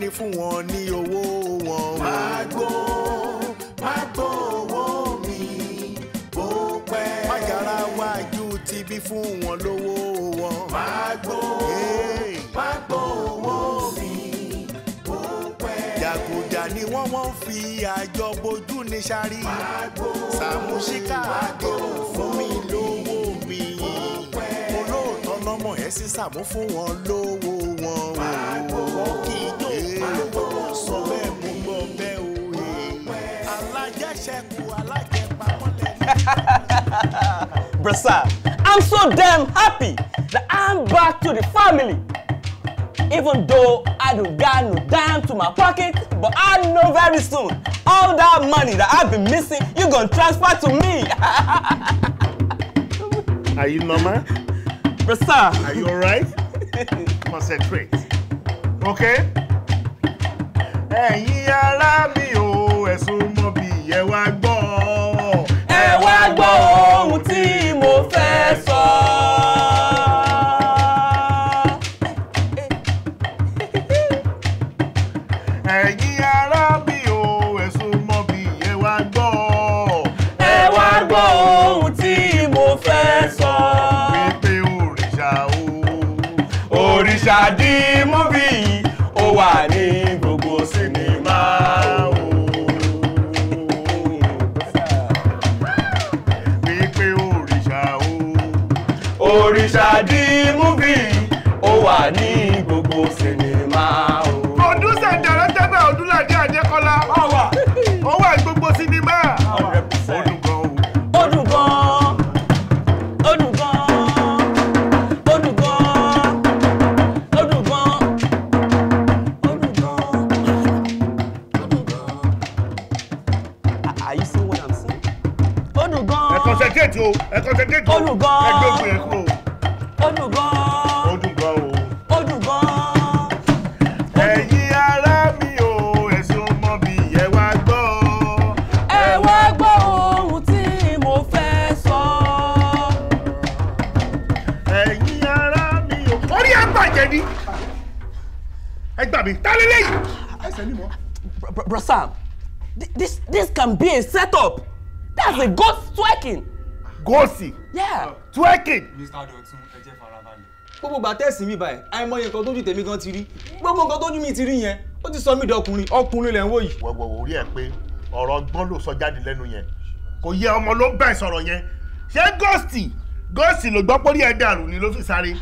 ní fún wọn ní owó wọn. Magbo Magbo owó mi bó pẹ́. Má yára wájú ti bí fún wọn lówó wọn. Magbo Magbo owó mi bó pẹ́. Jàgùjà ni wọ́n wọ́n fi àjọ bojú ní sáré. Magbo Sàmúsíkà àdéhùn fún mi lówó mi. Olóòótọ́ lọ́mọ ẹ̀ sísàmú fún wọn lówó wọn. Magbo kì í. Brasa, I'm so damn happy that I'm back to the family. Even though I don't got no dime to my pocket, but I know very soon all that money that I've been missing, you're gonna transfer to me. Are you normal? Brasa. Are you alright? Concentrate. Okay? ẹ̀yin ará mi ò ẹ̀sùn mọ́ bí ẹ wá gbọ́. ẹ wá gbọ́ ohun tí mo fẹ́ sọ. So. ẹ gbà mí ta lélẹ́yìí ẹsẹ̀ ni mo. bro Sam this this can be a setup that's a ghost twerking. ghost. yeah twerking. Mr. Dọ̀tun ẹ jẹ́ farabalẹ̀. gbogbo ìgbà tẹ̀sí mi báyìí àìmọye nǹkan tójú tèmi gan ti rí gbogbo nǹkan tójú mi ti rí yẹn ó ti sọ mí di ọkùnrin ọkùnrin lẹ̀ ń wọ̀wọ̀ orí ẹ pé ọ̀rọ̀ gbọ́n ló sọ jáde lẹ́nu yẹn kò yẹ ọmọ ló bẹ̀ sọ̀rọ̀ yẹn ṣé gọ́ọ̀sì gọ́ọ̀sì ló gbọ́ pórí ẹ̀ dàrú ni ló fi sáré.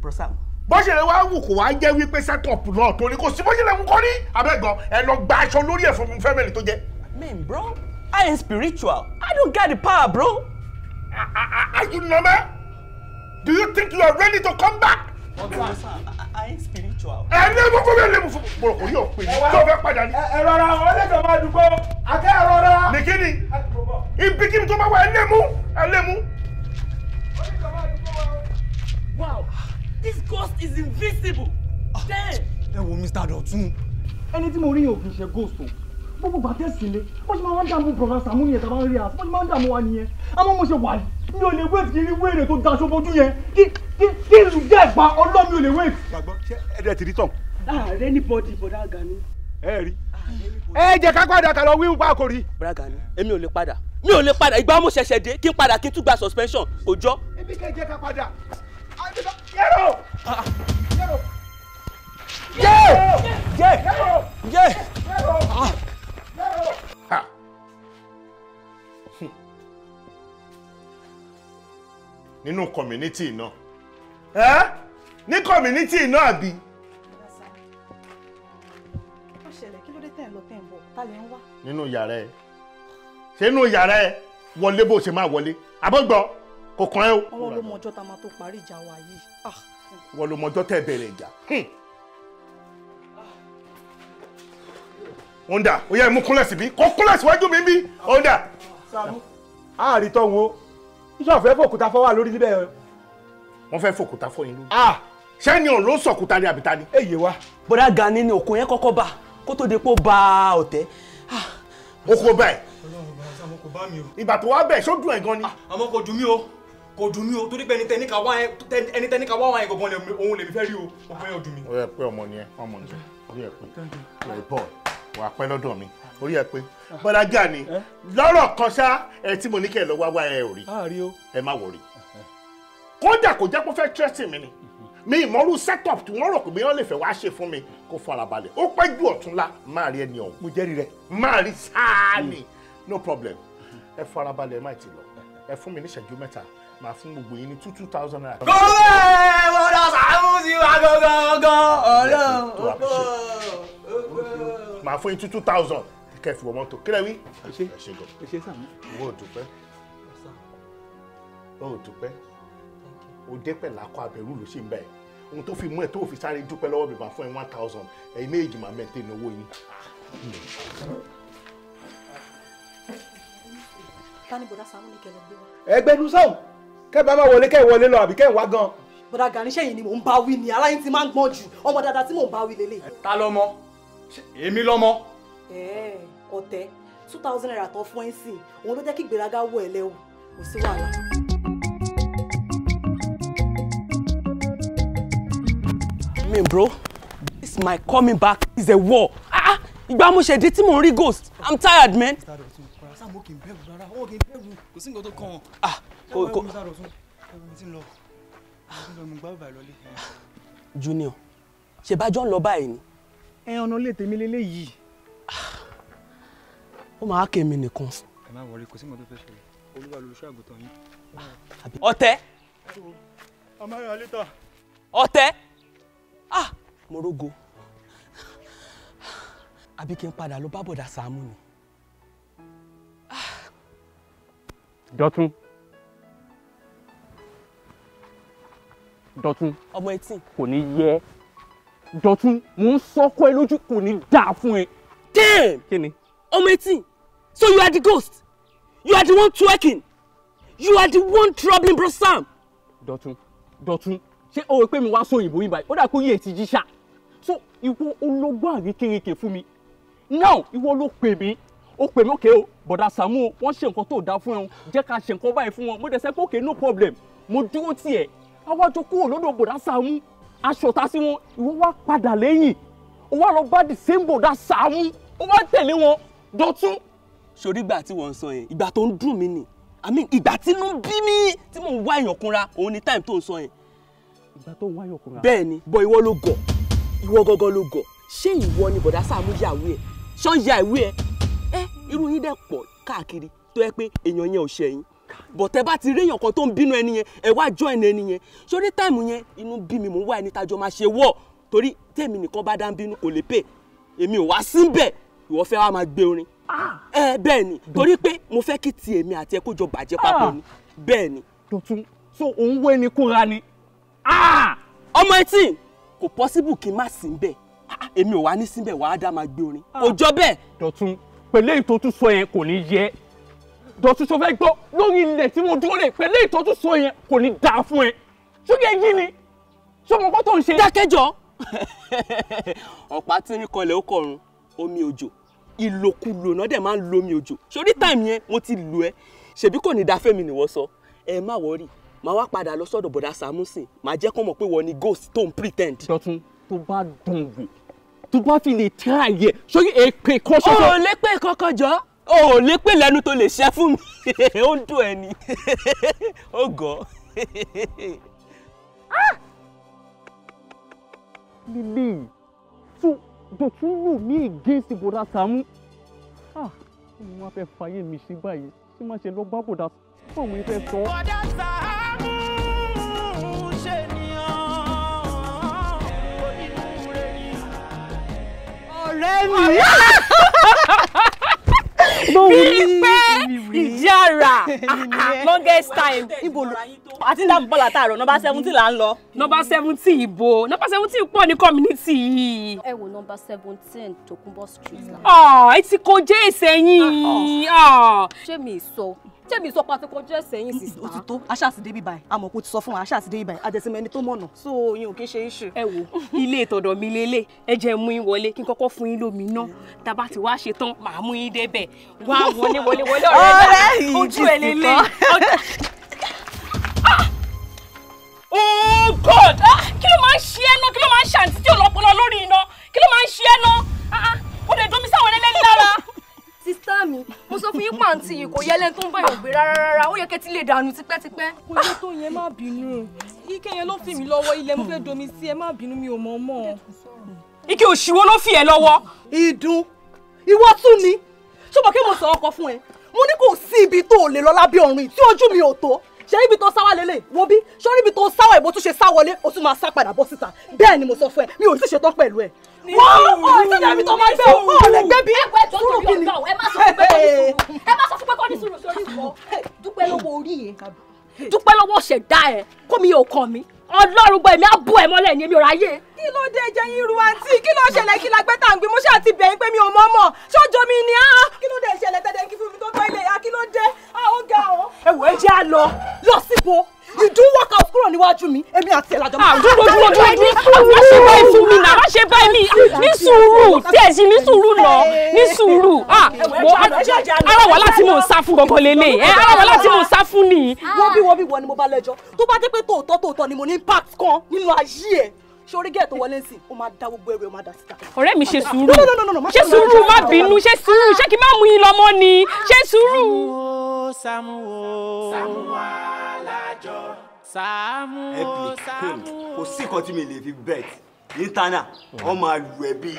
bro Sam bọ́sẹ̀ wá wù kó wá jẹ́ wípé sẹ́tọ̀pù náà torí kò sí bọ́sẹ̀ lè kọ́ ní abẹ́gàn ẹ lọ gba aṣọ lórí ẹ̀ fún fẹ́mẹ̀lì tó jẹ́. man bro i am spiritual i don't get the power bro. I, I, are you normal? do you think you are ready to come back. ọgbà sá i am spiritual. ẹ ní ẹgbẹ́ fún mi ẹ lẹ́mu fún mi kò ní òpin ní tó fẹ́ padà ní. ẹ rọra ọ lẹ́jọ̀ máa dùgbọ́ akẹ́ ẹ rọra. nìkí ni tó bá wà ẹ lẹ́mu ẹ lẹ́mu. ó ní kọ́ máa dùgbọ́ wa. wow. This ghost is invisible. Ah, Then. Ẹ wo Mr. Dọ̀tún. Ẹni tí mo rí yẹn ò ṣe ghost o. Gbogbo ìgbà tẹ̀sí lé. Wọ́n ṣe máa ń dààmú Bọ̀dá Sàmú yẹn tàbá ń rí àṣẹ. Wọ́n ṣe máa ń dààmú wa nìyẹn. Àmọ́ mo ṣe wà yìí. Mi ò lè wait kí n rí wéèrè tó daṣọ bojú yẹn. Kí kí kí ìlú jẹ́ ìgbà ọlọ́ mi ò lè wait. Gbàgbọ́ ṣé ẹ̀dẹ̀ ti rí tán? Ààrẹ ah, ní bọ́dì Bọ̀dá Gani. Ẹ rí. Ah, ẹ jẹ́ ká padà kà lọ wíwú pa rí. Bọ̀dá Gani, èmi ò lè padà. Mi ò lè padà. Ìgbà mo ṣẹ̀ṣẹ̀ dé kí n padà kí n tún gba suspension. Kò jọ. Ebi kẹ́ jẹ́ ká padà. nínú community náà ẹ́ ní community náà àbí. ó ṣẹlẹ̀ kí ló dé tẹ̀ ń lọ tẹ̀ ń bọ̀ ta lè ń wá. nínú yàrá ẹ ṣé nínú yàrá ẹ wọlé bó ṣe máa wọlé àbọ̀gbọ́ kò kàn ẹ́ o. wọ́n ló mọjọ́ tá a máa tó parí ìjà wa yìí. wọ́n ló mọjọ́ tẹ́ bẹ̀rẹ̀ ìjà. onda ó yá mú kúnlẹ̀ síbí kó kúnlẹ̀ síwájú mi bí onda. àárí tọ́hún o iṣẹ́ ọ̀fẹ́ fòkúta fọ́ wà lórí níbẹ̀ o. wọ́n fẹ́ fòkúta fọ́ yín lórí. sẹ́ni ọ̀n ló sọ̀kúta ní àbíta ni. èyí wa. bọ́dá Gani ni òkun yẹn kọ́kọ́ bá kó tó de pé ó ba ọ̀tẹ́. ó kó báyìí. ìgbà tó wá bẹ̀ ṣó dùn ẹ̀ gan ni. àmọ́ kò dùn mí o kò dùn mí o torí pé ẹni tẹni ká wá wá wá yẹn gangan lèmi fẹ́ rí o mo fẹ́ yàn dùn mí. ó yẹ pé ọmọ nìyẹn ọmọ nìyẹn orí ẹ pé orí ẹ bọ wà á pẹ́ lọ́dọ̀ mi orí ẹ pé bọlá ni eh? lọ́rọ̀ kan ṣá ẹ tí mo ní kẹ́ lọ wá ẹ ò rí ẹ má wọrí kódà kò jẹ́ pé fẹ́ tírẹsì mi ni mi ìmọ̀rú setup tí wọ́n rò pé bíyàn lè fẹ́ wá ṣe fún mi kó farabalẹ̀ ó pẹ́ ju ọ̀túnla máa rí ẹni ọ̀hún. mo jẹ́rìí rẹ. máa rí sáà ni hmm. no problem ẹ farabalẹ̀ ẹ má ti lọ ẹ fún mi ní ìṣẹ́jú mẹ́ta màá fún gbogbo yín ní two two thousand naira. kò wẹ́ wọ́dọ̀ sàmú sí wa gangan ọlọ́run ọ̀pọ̀. màá fún yín two two thousand kẹfì wọ mọ́tò kílẹ̀ wí. ẹ ṣe ẹ ṣe sàmú. ìwọ ò dúpẹ́ ọ ò dúpẹ́ o dé pẹ̀lú akọ abẹ́rù ló ṣì ń bẹ̀ ohun tó fi mú ẹ tó fi sáré dúpẹ́ lọ́wọ́ bèbà fún ẹ one thousand ẹ̀yin méjì máa maintain owó yín. tani bọ̀dá sàmú ni kẹlẹ gbé wa. ẹgbẹ́ nu sáwọn kẹ́ẹ̀bá máa wọlé kẹ́ẹ̀ wọlé lọ àbí kẹ́ẹ̀ wá gan. bọ̀dà Gani sẹ́yìn ni mò ń bá wí ni aláyín ti máa ń gbọ́n jù ọmọ dáadáa tí mò ń bá wí lélẹ̀. ta lọmọ èmi lọmọ. ẹẹ ọ̀tẹ̀ two thousand naira tán fún ẹ sìn òun ló jẹ́ kí ìgbéraga wọ ẹ lẹ́wọ̀ kò sí wàhálà. mi bro this my coming back is a war ah ìgbà mo ṣe dé tí mo ń rí ghost i'm tired man. sáà mo kì í bẹ̀rù rárá wọn kì í bẹ̀rù kò sí nǹkan tó kàn án kó kó. junior ṣèbájọ́ ń lọ báyìí ni. ẹ ọ̀nà ilé tèmi lélẹ́yìí. ó máa kèmí nìkan. ẹ má wọrí kò sí mọ́tò fẹ́ ṣẹlẹ̀ olúwa lolùṣọ́ àgùntàn yín. ọ̀tẹ̀. ọ̀tẹ̀. ah morogo àbí kí n padà lọ bá bọ̀dà Sàámú ni. dọ́tún. Dọ̀tun ọmọ etí kò ní yẹ Dọ̀tun mò ń sọkọ ẹ lójú kò ní dáa fún ẹ. damn kí ni. ọmọ etí so you are the ghost you are the one twerking you are the one troubling bro sam. Dọ̀tun Dọ̀tun ṣé o rò pé mi wá sọ òyìnbó yìí báyìí ó dà kó yé ètí jíṣà so ìwọ ológbò àríkèrèkè fún mi now ìwọ ló pè mí ó pè mí òkè o bọ̀dà Sàámú o wọ́n ṣe nǹkan tó dáa fún ẹ o jẹ́ ká ṣe nǹkan báyìí fún wọn mo dẹ̀ sẹ́ pé òkè no problem mo dúró tiẹ̀ awájọ kúrò lọ́dọ̀ bòdà Sàámú aṣọ̀tá sí wọn ìwọ wá padà lẹ́yìn ó wá lọ bá the same bòdà Sàámú ó wá tẹ̀lé wọn dọ̀tún. sori ìgbà tí wọ́n ń sọ yẹn ìgbà tó ń dùn ni i mean ìgbà tí inú bí mi tí mò ń wá kunra òun ni time tó ń sọ yẹn. ìgbà tó ń wá èèyàn kunra. bẹ́ẹ̀ bọ ìwọ ló gọ̀ ìwọ gangan ló gọ̀ ṣé ìwọ ni bọ̀dá Sàámú yàwó ẹ̀ ṣọ́ ya ìwé ẹ̀ ẹ́ irú yín dẹ̀ pọ̀ káàkiri tó yẹ pé èèyàn yẹn ò ṣẹ̀yìn bọ̀tẹ́ bá ti réyàn kan tó ń bínú ẹni yẹn ẹ wá join ẹni yẹn sórí táìmù yẹn inú bí mi mò ń wá ẹni tájọ máa ṣe wọ̀ torí tèmi nìkan bá dá ń bínú kò lè pè èmi ò wá síbẹ̀ ìwọ fẹ́ wá máa gbé orin ah! ẹ bẹ́ẹ̀ ni torí pé mo fẹ́ kí ti èmi àti ẹ kó jọ bàjẹ́ papọ̀ ni ah! bẹ́ẹ̀ ni. dọ̀tún so òun wé ni kúra ni. Ah! ọmọ etí kò pọ́síbù kí n má sí bẹ́ẹ̀ èmi ò wá ní síbẹ̀ wàá dá máa gbé orin kò jọ bẹ́ẹ̀. dọ̀tún pẹ̀lẹ́ ìtòtúsọ yẹn kò ní yẹ dọ̀tún sọ fẹ́ gbọ́ lórí ilẹ̀ tí mo dúró lè pẹ̀lú ìtọ́jú sọ yẹn kò ní dáa fún ẹ ṣúgẹ́ yí ni ṣé ọmọ kọ́tọ̀ ń ṣe. dákẹ́jọ́ ọ̀pá tí ń kọlẹ̀ ó kọrun omi òjò ìlòkulò náà dẹ̀ máa ń lo omi òjò sórí táìmù yẹn mo ti lù ẹ́ ṣèbí kò ní dáa fẹ́mi nìwọ sọ ẹ má wọrí màá wá padà lọ sọ́dọ̀ bọ̀dá Samusin màá jẹ́ kó mọ̀ pé wọ́n ni ghost tó ń pretend. dọ̀tún tó bá dùn wò tó bá fi lè try ẹ̀ sórí èpè kan ṣoṣo. o ò lè pè kankan jọ o ò lè pè lẹ́nu tó lè ṣẹ́ fún mi ó ń dùn ẹ ni ó gọ̀. lílé tó dọ̀tún lù mí against bọ̀dá Sàámú ah! mo máa fẹ́ fàyè mi sí báyìí tí má ṣe lọ bá bọ̀dá fún àwọn ìfẹ́ sọ. bọ̀dá Sàámú ṣe nìyàn onínú rẹ̀ ọ̀rẹ́ mi. bíi pé ah, ah, longest time ibo àti dá bọ́ọ̀lù àtàrọ̀ nọmba seventeen là ń lọ. nọmba seventeen ibo nọmba seventeen pọ̀ ní community yìí. ẹ wo nọmba seventeen Tòkunbọ̀ street. ọ̀ ah, ẹ ti kọjá ẹsẹ̀ yín. ṣé mi sọ jẹ́bi sọ pa ti kọjá sẹ́yìn sísá. ó ti tó aṣáàsì débi báyìí àmọ́ kò ti sọ fún wa aṣáàsì débi báyìí àjẹsìmọ̀ ẹni tó mọ̀nà so yín ò kí ń ṣe iṣu. ẹ wo ilé ìtọ̀dọ̀ mi lélẹ̀ ẹ jẹ́ mú yín wọlé kí n kọ́kọ́ fún yín lómi náà tàbá ti wá ṣe tán màá mú yín débẹ̀ wá wọlé wọlé wọlé ọ̀rẹ́ náà ojú ẹ̀ lélẹ̀. Ah! oh god ah! kí ló máa ń ṣe ẹ́ náà kí ló máa ń ṣe àǹtí tí ò lọ́pọlọ lórí iná kí ló máa ń ṣe ẹ́ náà ah, ó lè domi sáwọn ẹlẹ́ni lára sísá mi mo sọ fún yín pàǹtí yìí kò yẹ lẹ́ni tó ń bá èèyàn gbé rárá rárá ó yẹ kẹ́ ti lè dànù tipẹ́tipẹ́. kò yẹ tó yẹn má bínú ike yẹn ló fi mí lọ́wọ́ ilẹ̀ mo fẹ́ domi sí ẹ má bínú mi ò mọ̀ mọ́. ike òṣìwọ́ ló fi ẹ lọ́wọ́. ìdun ìwọ tún ni ṣùgbọ́n kí mo sọ ọkọ fún ẹ mo ní kò sí ibi tó lè lọ lábẹ́ ọ̀run tí ojú mi ò tó ṣe ibi tó sáwà lélẹ̀ wo bí ṣé ibi tó sáwà ìbò tún ṣe sá wọlé o tún máa sá padà bọ́ síta bẹ́ẹ̀ ni mo sọ fún ẹ mi ò sì ṣetán pẹ̀lú ẹ wọ́n ọ̀ ìtọ́jà mi tó máa gbé òun ọ̀ lẹ́gbẹ́ bí. ẹ pẹ́ tó tó bí ọ̀gá ọ̀ ẹ má sọ pé kọ́ ní sùúrù ẹ má sọ pé kọ́ ní sùúrù sórí ìwọ dúpẹ́ lọ́wọ́ orí yẹn dúpẹ́ lọ́wọ́ ṣẹ̀dá ẹ kó mi ò kàn mí ọlọ́run gbọ́ èmi á bù ẹ̀ mọ́lẹ̀ ní èmi ò ráyè. kí ló dé jẹyìn irú àǹtí kí ló ṣẹlẹ̀ kí la gbé tá à ń gbé mo ṣáà ti bẹ̀yìn pé mi ò mọ̀ mọ̀ ṣọ́jọ́ mi ni á. kí ló dé ṣẹlẹ̀ tẹ́tẹ́ kí fún mi tó tọ́ ilé ya kí ló dé. ẹ wò ẹ jẹ́ à lọ síbo ìdún wọ́kà kúrò níwájú mi èmi àti ẹ̀làjọ́ mi. àdúró ah, dúró dúró dúró àwọn ṣe báyìí fún mi náà àwọn ṣe báyìí mi ní sùúrù tí ẹ ṣe ní sùúrù lọ ní sùúrù ah, ara wà láti mò ń sá fún gangan lélẹ̀ ẹ eh, ara wà láti mò ń sá fún ni. Ah. wọ́n bí wọ́n bí wọ́n ni mo bá lẹ́jọ́ tó bá dé pé tòótọ́ tòótọ́ ni mo ní impact kan nínú ayé ẹ̀ sórí gẹ́ẹ̀ tó wọlé sí o máa da gbogbo ẹrù ẹ máa dà síta. ọ̀rẹ́ mi ṣe sùúrù ṣe sùúrù má bínú ṣe sùúrù ṣé kí n má mú yín lọ́mọ ni ṣe sùúrù. samuwo samuwa. Sàámú o Sàámú o. kò sí nǹkan tí mi lè fi bet nítànà wọn máa lù ẹ bí.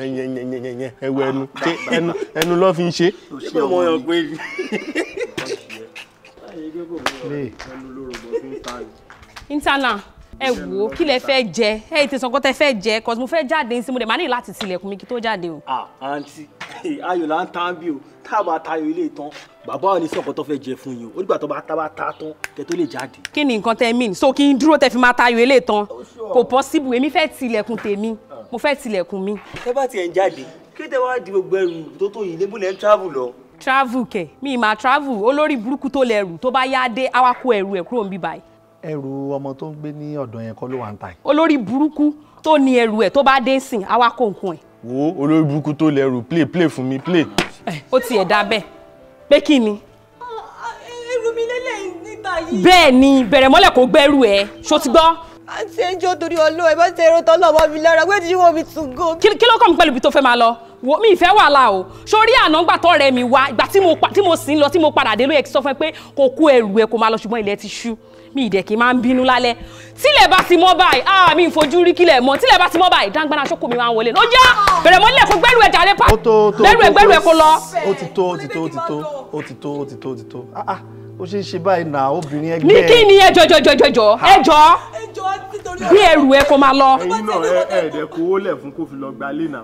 yẹnyẹnyẹnyẹnyẹ ẹwọ ẹnu ẹnu ẹnu ló fi ń ṣe. ṣé mo yàn pé. intala ẹ wo kí lẹ fẹ́ jẹ ẹ ti sọ pé tẹ fẹ́ jẹ cos mo fẹ́ jáde ní sinmi dẹ màá ní láti tilẹ̀kùn mi kí tó jáde o. àǹtí ayọ̀ là ń tán bí o tá a máa tayọ ilé ìtàn bàbá ò ní sọ̀kọ́ tó fẹ́ jẹ fún yín o nígbà tó bá ta bá ta tán kẹ tó lè jáde. kí ni nǹkan tẹ mí so kí n dúró tẹ fi máa tayọ ilé ìtàn oh, kò possible èmi fẹ́ tilẹ̀kùn tèmi ah. mo fẹ́ tilẹ̀kùn mi. tẹ bá tiẹ̀ ń jáde kí tẹ wá di gbogbo ẹrù tó tó yìí níbo lẹ́ ń travel lọ. travel kẹ mi ma travel olórí burúkú tó lẹrù tó bá yá dé awakọ ẹrù ẹ kúrò ń bí báyìí. ẹrù ọmọ tó ń gbé ní ọ̀dọ̀ yẹn kọ́ ló wà ń ta ẹ̀. olórí burúkú tó ní ẹrù ẹ̀ tó bá dé sìn awakọ̀ nǹkan ẹ̀. wo olórí burúkú tó lẹrù play play fún mi play ó tiẹ̀ dá bẹ́ẹ̀ pé kí ni. ẹrù mi lélẹ̀ níta yìí. bẹ́ẹ̀ ni bẹ̀rẹ̀ mọ́lẹ̀ kó gbẹ́rù ẹ̀ ṣó ti gbọ́. àǹtí ẹjọ́ torí ọlọ́ọ̀ ẹ bá ti ẹrọ tọ́lọ̀ ọmọ mi lára wẹ́ẹ̀ tí wọ́n mi tún gò. kí ló kàn mí pẹ̀lú ibi tó fẹ́ máa lọ wo mi ìfẹ́ wàhálà o sórí àná gbà tọ́rẹ́ mi wá ìgbà tí mo sì ń lọ tí mo padà dé ló yẹ kí sọ fún ẹ pé kò kú ẹrù ẹ kò máa lọ ṣùgbọ́n ilẹ̀ ti ṣú mi ìdẹ̀ kì í máa ń bínú lálẹ́ tílẹ̀ bá ti mọ́ báyìí ah mi ń fojú rí kílẹ̀ mọ́ tílẹ̀ bá ti mọ́ báyìí dáńgbára ṣókò mi máa ń wọlé lọ́jà bẹ̀rẹ̀ mọ́lẹ̀ kó gbẹ́rù ẹ̀jà rẹ pa gbẹ́rù ẹ̀ gbẹ́rù ẹ̀ kó lọ. ó ti tó ó ti tó ó ti tó ó ti tó ó ti tó ó ti tó ah, ah, ó ṣe é ṣe báyìí nà obìnrin ẹgbẹ́ ẹ̀. ní kí ni ẹjọ́ ẹjọ́ ẹjọ́ ẹjọ́ ẹjọ́ bí ẹrù ẹ kó máa lọ. ẹyin náà ẹ ẹ dẹ kó owó lẹ fún kó fi lọ gba ilé náà.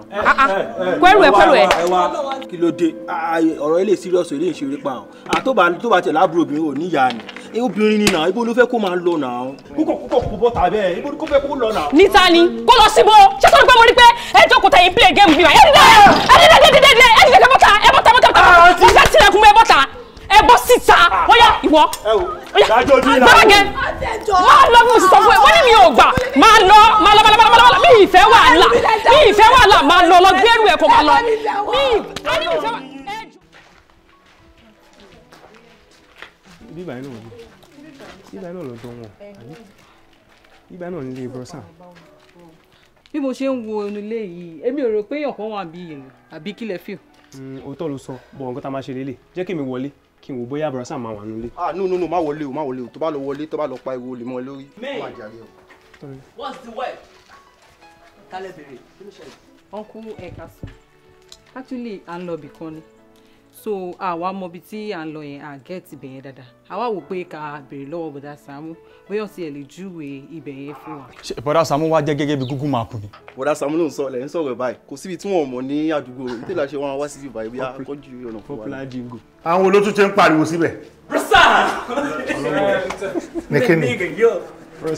kó ẹrù ẹ kó ẹrù ẹ. kí ló dé ọ̀rọ̀ ilé serious ilé ìṣeré pa ọ́n àtọ́ba tó bá tẹ̀ láàbùrò obìnrin ò níyà ni obìnrin ni náà ibo ló fẹ́ kó máa lọ náà. kókò kókò kò bọ́ tàbẹ́ ibo ló fẹ́ kó lọ náà. níta ni kó lọ síbo ṣé tó ń gbọ́ mo rí pé ẹ jókòó tẹ̀yìn play game bí wa ẹ dídá ẹ dídá ẹ dídá ẹ dídá ẹ bọ́ta ẹ bọ́ta bọ́ta bọ́ta ẹ bọ́ta tilẹ̀kùn mọ́ ẹ bọ́ta ẹ bọ́ síta ó yá ìwọ ó yá gbàgẹ́ máa lọ mo sì sọ fún ẹ wọ́n ní mi ò gbà máa lọ máa lọ máa lọ máa lọ mi ìfẹ́ wàhálà mi ìfẹ́ wàhálà máa lọ lọ gbẹ́rù ẹ̀ kó máa lọ mi ìfẹ́ wàhálà. bíbá iná ọdún bíbá iná lọ́dọ̀ wọn bíbá iná nílé brọ́sà. bí mo ṣe ń wo onílé yìí èmi ò rò pé èèyàn kan wà bí èèyàn àbí kílẹ̀ fíò. Mm, òótọ́ ló sọ bọ̀ nǹkan tá a máa ṣe lélẹ̀ jẹ́ kí mi wọlé kí n wò bóyá àbúrò máa wà nílé. ah no no no má wọlé o má wọlé o tó bá lọ wọlé tó bá lọ pa ewu olè mọ́ lórí. may what's the word kálẹ̀ bèrè uncle ẹ̀ka sùn actually à ń lọ bìkan ni so àwa mọ ibi tí à ń lọ yẹn à get ibẹ̀ yẹn dáadáa àwa wò pé ká béèrè lọ́wọ́ bọ̀dá Sàámú bóyá ọ̀sẹ̀ ẹ̀ lè júwe ibẹ̀ yẹn fún wa. ṣe bọ̀dá Sàámú wá jẹ́ gẹ́gẹ́ bí Google map ni. bọ̀dá Sàámú ló ń sọ lẹ́yìn sọ̀rọ̀ báyìí kò síbi tí wọ́n mọ̀ ní àdúgbò rẹ̀ nítorí àṣẹ wọn wá síbi báyìí bí akọ́jú ọ̀nà fún wa. àwọn olótú ti ń pariwo síbẹ̀.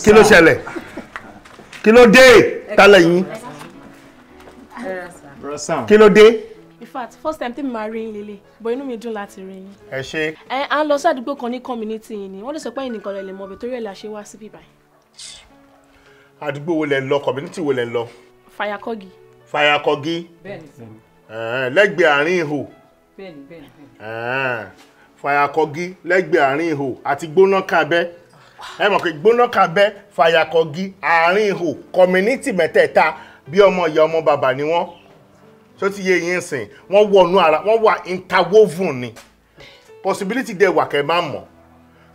kí ló ṣẹlẹ̀ kí ló dé tálẹ̀ yín kí ló dé in fact first time tèmi máa rí yín lélẹ̀ but inú mi dùn láti rí yín. ẹ ṣe. ẹ à ń lọ sí àdúgbò kan ní community yìí ni wọ́n lè sọ pé ẹnìkan lè lè mọ ọbẹ̀ torí ẹ̀ la ṣe wá síbí báyìí. àdúgbò wo lẹ lọ community wo lẹ ń lọ. fàyàkọ́gì. fàyàkọ́gì. bẹ́ẹ̀ni sẹ́yìn. lẹ́gbẹ̀ẹ́ àárín ihò. bẹ́ẹ̀ni bẹ́ẹ̀ni. fàyàkọ́gì lẹ́gbẹ̀ẹ́ àárín ihò àti gbóná kábẹ́ ẹ mọ̀ pé gbóná kábẹ́ fàyàkọ́gì àárín ihò community mẹ́tẹ̀ẹ̀ta bí ọmọ ìyá ọmọ bàbá ni wọ́n So ti yé yín sìn wọ́n wọnú ara wọ́n wà interwoven ni possibility dẹ̀ wa kẹ́ máa mọ̀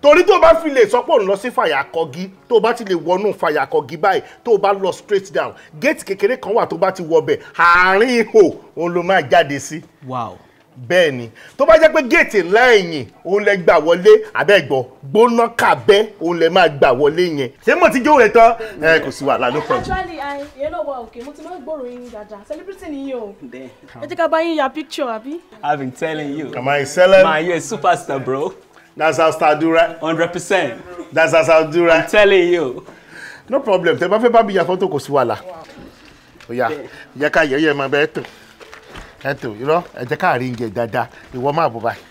torí tó bá fi lè sọ pé òun lọ sí fàyàkọ́gí tó bá ti lè wọnú fàyàkọ́gí báyìí tó bá lọ straight down gate kekere kan wà tó bá ti wọbẹ̀ àárín ihò òun ló máa jáde sí. wow bẹ́ẹ̀ ni tó bá jẹ́ pé géètì ńlá ẹ̀yìn òun lẹ gbà wọlé àbẹ́gbọ́ gbóná kàbẹ́ òun lẹ máa gbà wọlé yẹn ṣé mo ti jó rẹ tán ẹ kò sí wàhálà ló pọ̀jù. actually ìyẹn náà wà òkè mo ti máa ń gbòòrò yín dáadáa celebrity nìyí o ẹ jẹ́ ká bá yín ya picture àbí. I've been telling you am I selling man you a superstar bro. that's how star do right. hundred percent. that's how star do right. I'm telling you. no problem tẹ bá fẹ́ bá mi ya fọ́tò kò sí wàhálà. ó yá yẹ ká yẹ yẹ máa bẹ́ẹ̀ tó ẹ tó irọ́ ẹ jẹ́ káàrí ń jẹ dáadáa ìwọ máa bọ̀ báyìí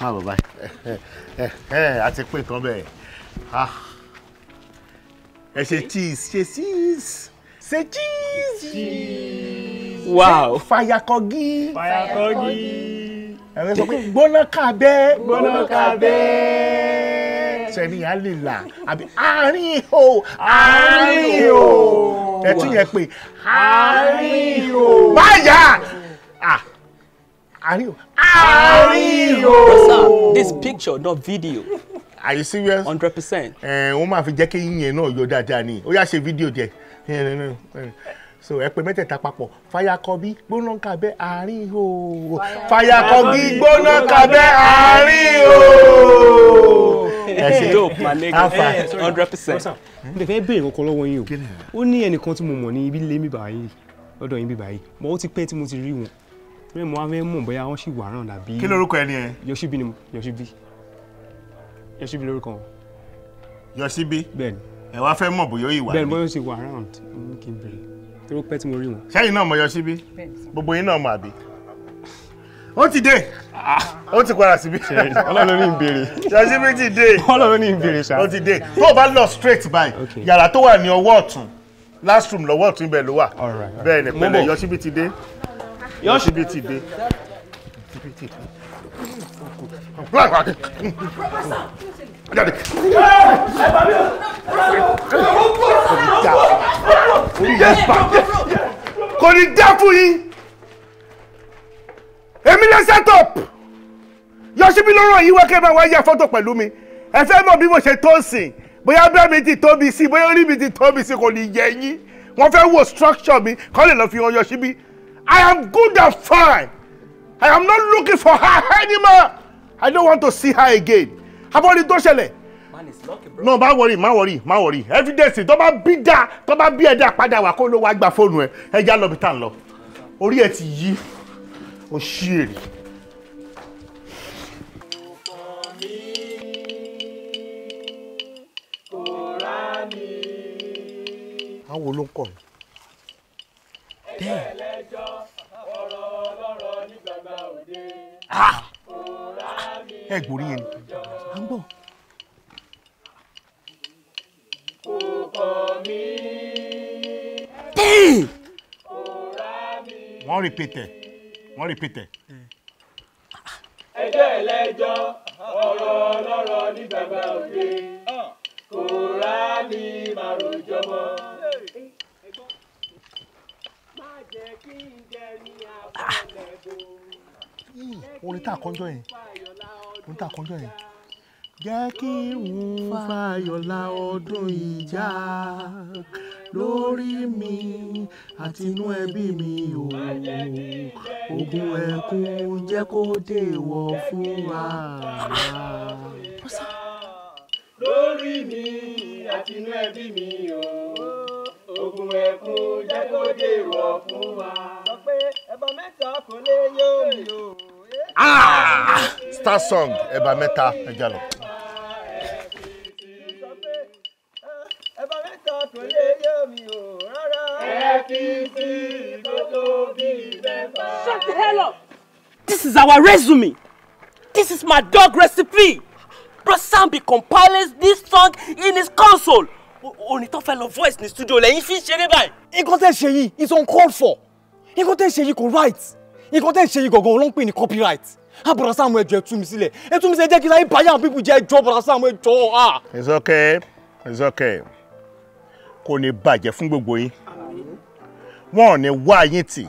máa bọ̀ báyìí ẹ ẹ àti pé tán bẹ́ẹ̀ ah. ẹ ṣe cheese ṣe cheese ṣe cheese wow fàyàkọ́gí fàyàkọ́gí ẹ̀rọ sọ pé gbóná kàbẹ́ gbóná kàbẹ́ sẹ́ni á lè là àbí àárín ihò àárín ihò ẹ̀ tún yẹ pé àárín ihò báyà. Ah. Ariwo. Ariwo. Sir, this picture, not video. Are you serious? hundred percent. ẹ eh, wọn máa fi jẹ́ kí yíyan náà yọ dáadáa ni ó yá ṣe fídíò díẹ̀ eh, eh, so ẹ pè mẹ́tẹ̀ẹ̀ta papọ̀ fàyàkọbí gbóná kabẹ́ àárín o fàyàkọbí gbóná kabẹ́ àárín o. ẹ ṣe dope malega hundred percent. n tẹ̀fẹ́ bẹ̀rẹ̀ kọ́kọ́ lọ́wọ́ yín o ó ní ẹnìkan tí mo mọ̀ ní ibi lé mi báyìí lọ́dọ̀ yín bí báyìí mọ́ ó ti pẹ́ tí mo ti rí wọn lórí mo wá fẹ́ mọ̀ bóyá wọ́n sì wà ràn dàbí. kí lorúkọ ẹni ẹ. yọsíbí ni mo yọsíbí yọsíbí lorúkọ wọn. yọsíbí. bẹ́ẹ̀ni. ẹ wá fẹ́ mọ̀ bóyá ìwà ni. bẹ́ẹ̀ni bóyá sì wà ràn kí tó pẹ́ tí mo rí wọn. sẹ́yìn náà mọ̀ yọsíbí gbogbo yín náà mọ̀ àbí. ó ti dé ó ti padà síbí. ọlọ́run ní ìbéèrè. yọsíbí ti dé. ọlọ́run ní ìbéèrè ṣá. ó ti dé tó o bá lọ straight by. yàrá tó wà ní ọwọ́ ọ̀tún last room lọ́wọ́ ọ̀tún ibẹ̀ ló wà. bẹ́ẹ̀ ni pẹ̀lẹ́ yọsíbí ti dé yọ ṣe bí ti dé. kò ní dá fún yín èmi lè set up yọ ṣe bí lọ́rọ̀ yìí wá kẹ́ ẹ bá wá yá fọ́tò pẹ̀lú mi ẹ fẹ́ mọ̀ bí mo ṣe tó sìn bóyá bẹ́ẹ̀ mi ti tóbi sí bóyá orí mi ti tóbi sí kò ní yẹ yín wọ́n fẹ́ wo structure mi kọ́ lè lọ́ọ́ fi hàn yọ síbí I am good and fine. I am not looking for her anymore. I don't want to see her again. Abọ́lé tó ṣẹlẹ̀. Man is lucky bro. No, má worry, má worry, má worry. Every day sì, tó bá bí dá, tó bá bí ẹ̀dá padà wá kó ló wá gba fóònù ẹ̀. Ẹ já lọ bí tá ń O ṣí èrè. Àwọn wo ló Ah! ẹ gbórí yẹn ni à ń gbọ́. wọ́n rìpètẹ̀ wọ́n rìpètẹ̀. ẹjọ́ ẹlẹ́jọ́ ọ̀rọ̀ ọlọ́rọ̀ ní bàbá òde kò rà ní màrújọ́mọ́. orin tá a kọ́njọ́ yẹn orin tá a kọ́njọ́ yẹn. jẹ́ kí n fàyọ̀lá ọdún ìjà lórí mi àti inú ẹbí mi o ogun ẹkún jẹ́ kó dèwọ̀ fún wa. lórí mi àti inú ẹbí mi o ogun jẹ́ kó dèwọ̀ fún wa. sọ pé ẹbọ mẹ́ta kò lè yọ mi o. Ah! star song ẹ̀bà mẹ́ta ẹja lọ. ẹ fi shut the hell up this is our resume this is my dog recipe bro sam be compiling this song in his console orin tó fẹ́ lọ voice ní studio lẹ́yìn fi ń ṣeré báyìí. nǹkan tẹ́ ṣe yìí is uncalled for nǹkan tẹ́ ṣe yìí kò right nǹkan tẹ́ ṣe yìí gangan ní copyright ah brother Saamu ẹjọ ẹ mi sílẹ̀ ẹ mi sílẹ̀ jẹ́ kí láyé báyà àwọn pípù jẹ́ ẹjọ́ brother Saamu ẹjọ́ ah. it's okay it's okay kò ní bàjẹ́ fún gbogbo yín wọn ò ní wá yín tì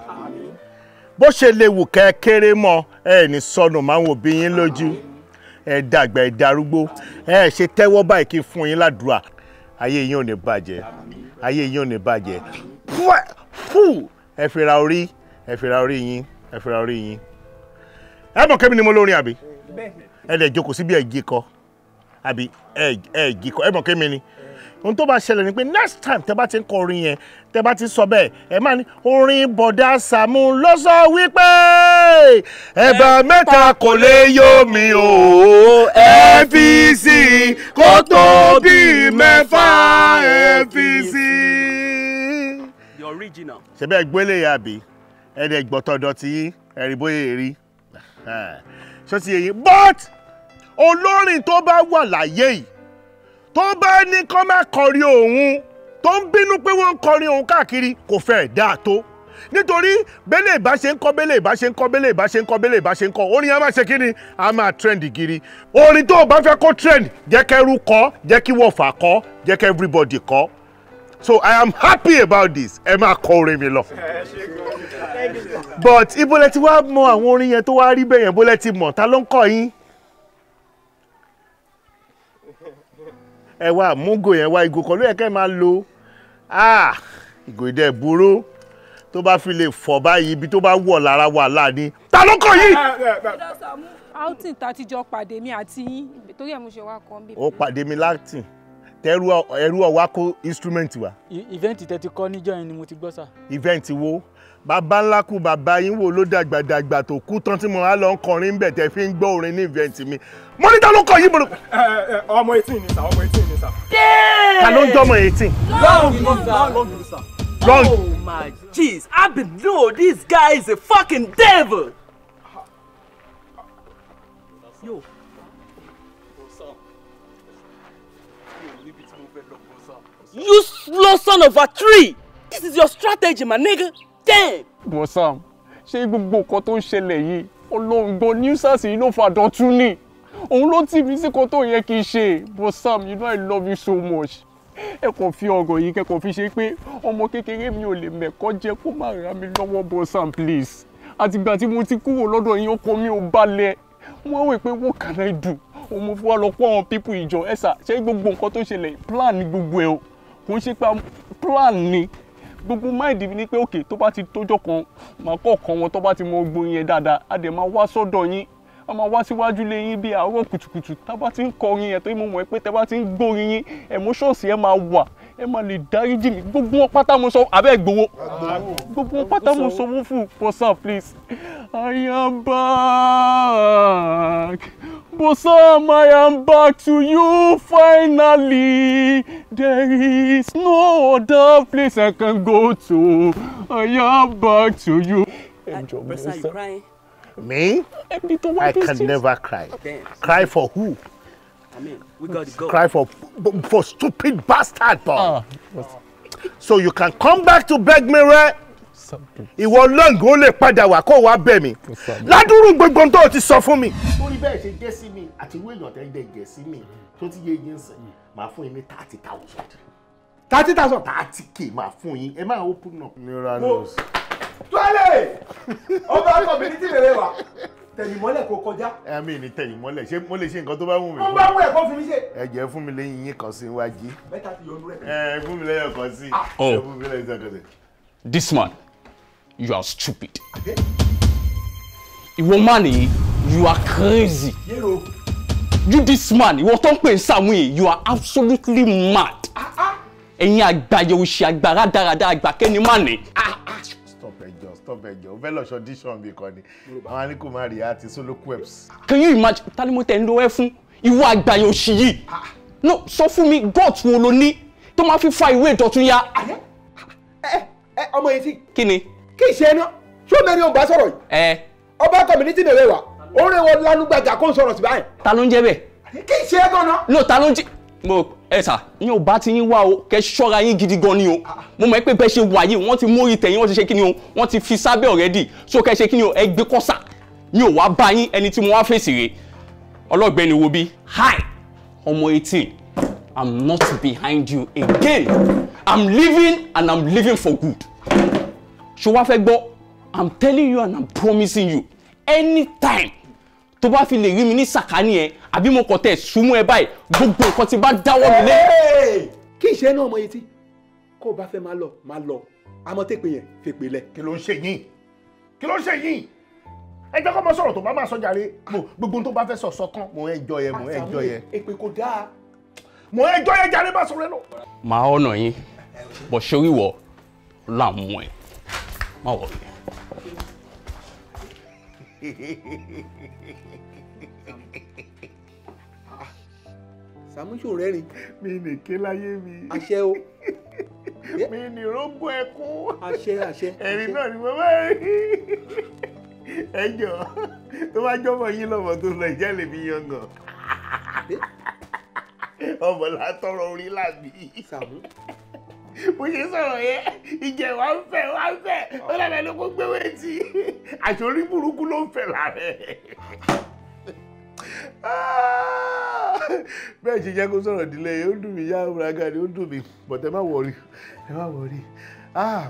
bó ṣe lè wù kẹ́ kéré mọ́ ẹ ní sọnù máa ń wò bí yín lójú ẹ dàgbà ẹ darúgbó ẹ ṣe tẹ́wọ́ báyìí kí fún yín ládùúrà ayé yín ò ní bàjẹ́ ayé yín ò ní bàjẹ́ ẹ fira orí ẹ fira orí yín ẹ fẹ́ra orí yín ẹ mọ̀ kẹ́mi ni mo lórin àbí ẹ lè jókòó síbi ẹ̀gì kọ àbí ẹ̀gì kọ ẹ mọ̀ kẹ́mi ni ohun tó bá ṣẹlẹ̀ ni pé next time tẹ bá ti ń kọ orin yẹn tẹ bá ti sọ bẹ́ẹ̀ ẹ máa ní orin bọ̀dá Sàámú ló sọ wípé ẹ̀bà mẹ́ta kò lè yó o ẹ kó tó bí mẹ́fà ẹ the original. ṣe bẹ́ẹ̀ gbélé yà bí ẹ̀ẹ́dẹ̀ gbọ́tọ̀dọ̀ tí ẹ̀rí bóyá èrí ṣó ti yẹ but olórin tó bá wà láyé yìí tó bá ní kó má kọrin òun tó ń bínú pé wọ́n ń kọrin òun káàkiri kò fẹ́ dáa tó nítorí bẹ́lẹ̀ ìbá ṣe ń kọ́ bẹ́lẹ̀ ìbá ṣe ń kọ́ bẹ́lẹ̀ ìbá ṣe ń kọ́ bẹ́lẹ̀ ìbá ṣe ń kọ́ orin yẹn máa ṣe kí ni a máa trend giri orin tó o bá fẹ́ kó trend jẹ́ kẹ́rú kọ́ jẹ́ kí wọ́fà kọ́ jẹ́ kẹ́ everybody kọ́ So I am happy about this. Ẹ máa kọ orin mi lọ. But ibo lẹ ti wá mọ àwọn orin yẹn tó wá rí bẹ́ẹ̀ yẹn bó lẹ ti mọ̀ ta ló ń kọ yín? Ẹ wá múgò yẹn wá ìgò kan ló yẹ kẹ́ ẹ máa lo. Ah, ìgò ìdẹ ìbúrú tó bá fi lè fọ̀ báyìí ibi tó bá wọ̀ lára wà láàní. Ta ló kọ yín? Outing ta ti jọ pàdé mi àti yín torí ẹ̀ mo ṣe wá kọ́ mi. Ó pàdé mi láti tẹ́rú ẹrú ọ̀wá kó instrument wa. ìvẹ́ǹtì tẹ ti kọ́ níjọ́ yẹn ni mo ti gbọ́ sà. ìvẹ́ǹtì wo bàbá ńlá kù bàbá yín wo ló dàgbàdàgbà tó kú tán tí mo á lọ kọrin bẹ̀ tẹ́ fi ń gbọ́ orin ní ìvẹ́ǹtì mi mo ló kọ yìí mo. ọmọ eighteen ni sà ọmọ eighteen ni sà. ta ló ń jọmọ eighteen. lọ́ọ̀gì oh my jeez i been know this guy is a fucking devil. yo. You slow son of a tree this is your strategy my nigga damn. bọ̀ sam ṣé gbogbo nǹkan tó ń ṣẹlẹ̀ yìí ọlọ́run gan nuisance yìí ló fa dọ̀tún ni òun ló tì mí sí kan tó yẹ kí n ṣe bọ̀ sam you know i love you so much ẹ kàn fi ọ̀rọ̀ yìí kẹ́kọ̀ọ́ fi ṣe pé ọmọ kékeré mi ò lè mẹ̀kọ́ jẹ kó má ra mi lọ́wọ́ bọ̀ sam please àtìgbà tí mo ti kúrò lọ́dọ̀ yín ọkọ mi ò balẹ̀ wọ́n wẹ̀ pé what can i do òun mo fi wá lọ pọ́ àwọn pípù ìjọ ẹ̀sà ṣé gbogbo nǹkan tó ṣẹlẹ̀ plan ni gbogbo ẹ̀ o kò ṣe pé plan ni gbogbo mind mi ni pé òkè tó bá ti tójọ́ kan màá kọ́ ọ̀kan wọn tó bá ti mọ gbogbo yẹn dáadáa á dẹ̀ máa wá sọ́dọ̀ yín a wá síwájú lé yín bí àárọ̀ kùtùkùtù tá a bá ti ń kọrin yẹn tó yín mo mọ̀ pé tá a bá ti ń gbórin yín emotions yẹn máa wà ẹ máa lè dáríjì mí gbogbo wọn pátá mo sọ abẹ́ gbowó gbogbo wọn pátá mo sọ wọ́n fún bọ́sà please I am back bọ́sà I am back to you finally there is no other place I can go to I am back to you. Uh, Brother, you crying? Me? I can never cry. Cry for who? I mean, we got to go. Cry for for stupid bastard, boy. Uh, so you can come back to beg me, right? ìwọ lọ́ngàn ó lè padà wá kó wá bẹ̀ mí ládùúrú gbogbo tó ti sọ fún mi. lórí bẹ́ẹ̀ ṣe jẹ́ sí mi àti ìwé èèyàn tẹ́lẹ̀ jẹ́ sí mi tó ti yé yín sìn máa fún yín ní thirty thousand. thirty thousand. thirty k máa fún yín ẹ máa open up. neural tọ́lẹ̀ ọba kọ̀mìnítì rere wa tẹ̀yìnmọ́lẹ̀ kò kọjá. ẹ ni tẹ̀yìnmọ́lẹ̀ ṣé mo lè ṣe nǹkan tó bá wù mí. ó bá wù ẹ̀ fún mi ṣe. ẹ jẹ́ fún mi lẹ́yìn yín kan sí iwájú. mẹ́ta ti yọnu rẹ̀. ẹ fún mi lẹ́yìn kan sí. Ah. Oh. ẹ fún mi lẹ́yìn kan sí. this man you are stupid. ìwọ man yìí you are crazy. you this man ìwọ tó ń pè Sàámú yìí you are absolutely mad. Ah, ah. ẹ̀yin àgbà ṣe àgbà rádaràda àgbà kẹ́ni má stop ẹ̀jẹ̀ o fẹ́ lọ ṣọdíṣàn bí kan ni àwọn aníkò máa rí àti solo queps. can you imagine tálímọ̀ tẹ̀ ń lo ẹ fún ìwọ àgbàyàn òṣì yìí no sọ fún mi gut wo lo ní tó máa fi fa ìwé ìdọ̀tún ya. ẹ ẹ ọmọ yìí sí. kí ni. kí ìṣe ẹ náà ṣó mẹ́rin ò bá sọ̀rọ̀ yìí. ẹ ọba community nìwé wa orin wọn lánúgbàjà kó ń sọ̀rọ̀ sí báyìí. ta ló ń jẹ́ bẹ́ẹ̀. kí ìṣe ẹ gan-an. no ta ló ń jẹ́ mo ẹ sà yín ò bá ti yín wá o kẹ ṣọ́ra yín gidi gan ni o mo mọ̀ pé bẹ́ẹ̀ ṣe wà yìí wọ́n ti mórí tẹ̀yìn wọ́n ti ṣe kí ni o wọ́n ti fi sábẹ́ already so kẹ ṣe kí ni o ẹ gbé kọ́sà yín ò wá bá yín ẹni tí mo wá fèsì rè ọlọ́gbẹ́ni wo bí hi ọmọ eighteen i'm not behind you again i'm leaving and i'm leaving for good ṣé wàá fẹ́ gbọ́ i'm telling you and i'm promising you anytime tó bá fi lè rí mi ní sàkání ẹ àbí mo kàn tẹ̀ súnmọ́ ẹ báyìí gbogbo nǹkan ti bá dáwọ́ mi lé. kí ìṣe náà mọ etí kó o bá fẹ́ máa lọ máa lọ àmọ́ tèpè yẹn fèpè lẹ. kí ló ń ṣe yín kí ló ń ṣe yín ẹ jẹ́ kó mọ sọ̀rọ̀ tó bá máa sọ jàre gbogbo tó bá fẹ́ sọ sọ́kàn mò ń ẹjọ́ yẹn mò ń ẹjọ́ yẹn. èpè kò dáa mò ń ẹjọ́ yẹn jàre bá sọ̀rọ̀ ẹ lọ. màá ọ̀nà yín bọ̀ sórí wọ̀ làwọn ẹ̀ má wọ̀ yẹn. sàmúṣò rẹ́rìn. mi nìké láyé mi. àṣẹ o. mi nì rógún ẹkún. àṣẹ àṣẹ. ẹ̀rín náà ni mo máa ń rí. ẹ jọ tó bá jọmọ yín lọmọ tó lọ ìjà lè fi yan gan. ọmọ látọrọ orí làbí. sàmú bó ṣe sọ̀rọ̀ yẹn ìjẹ́ wa ń fẹ́ wa ń fẹ́ ó lábẹ́ ló kó gbé wéjì àṣọ orí burúkú ló ń fẹ́ lára bẹ́ẹ̀ ṣe jẹ́ kó sọ̀rọ̀ ìdílé ó dùn mí yá ragadi ó dùn mí but ẹ má wọrí ẹ má wọrí ah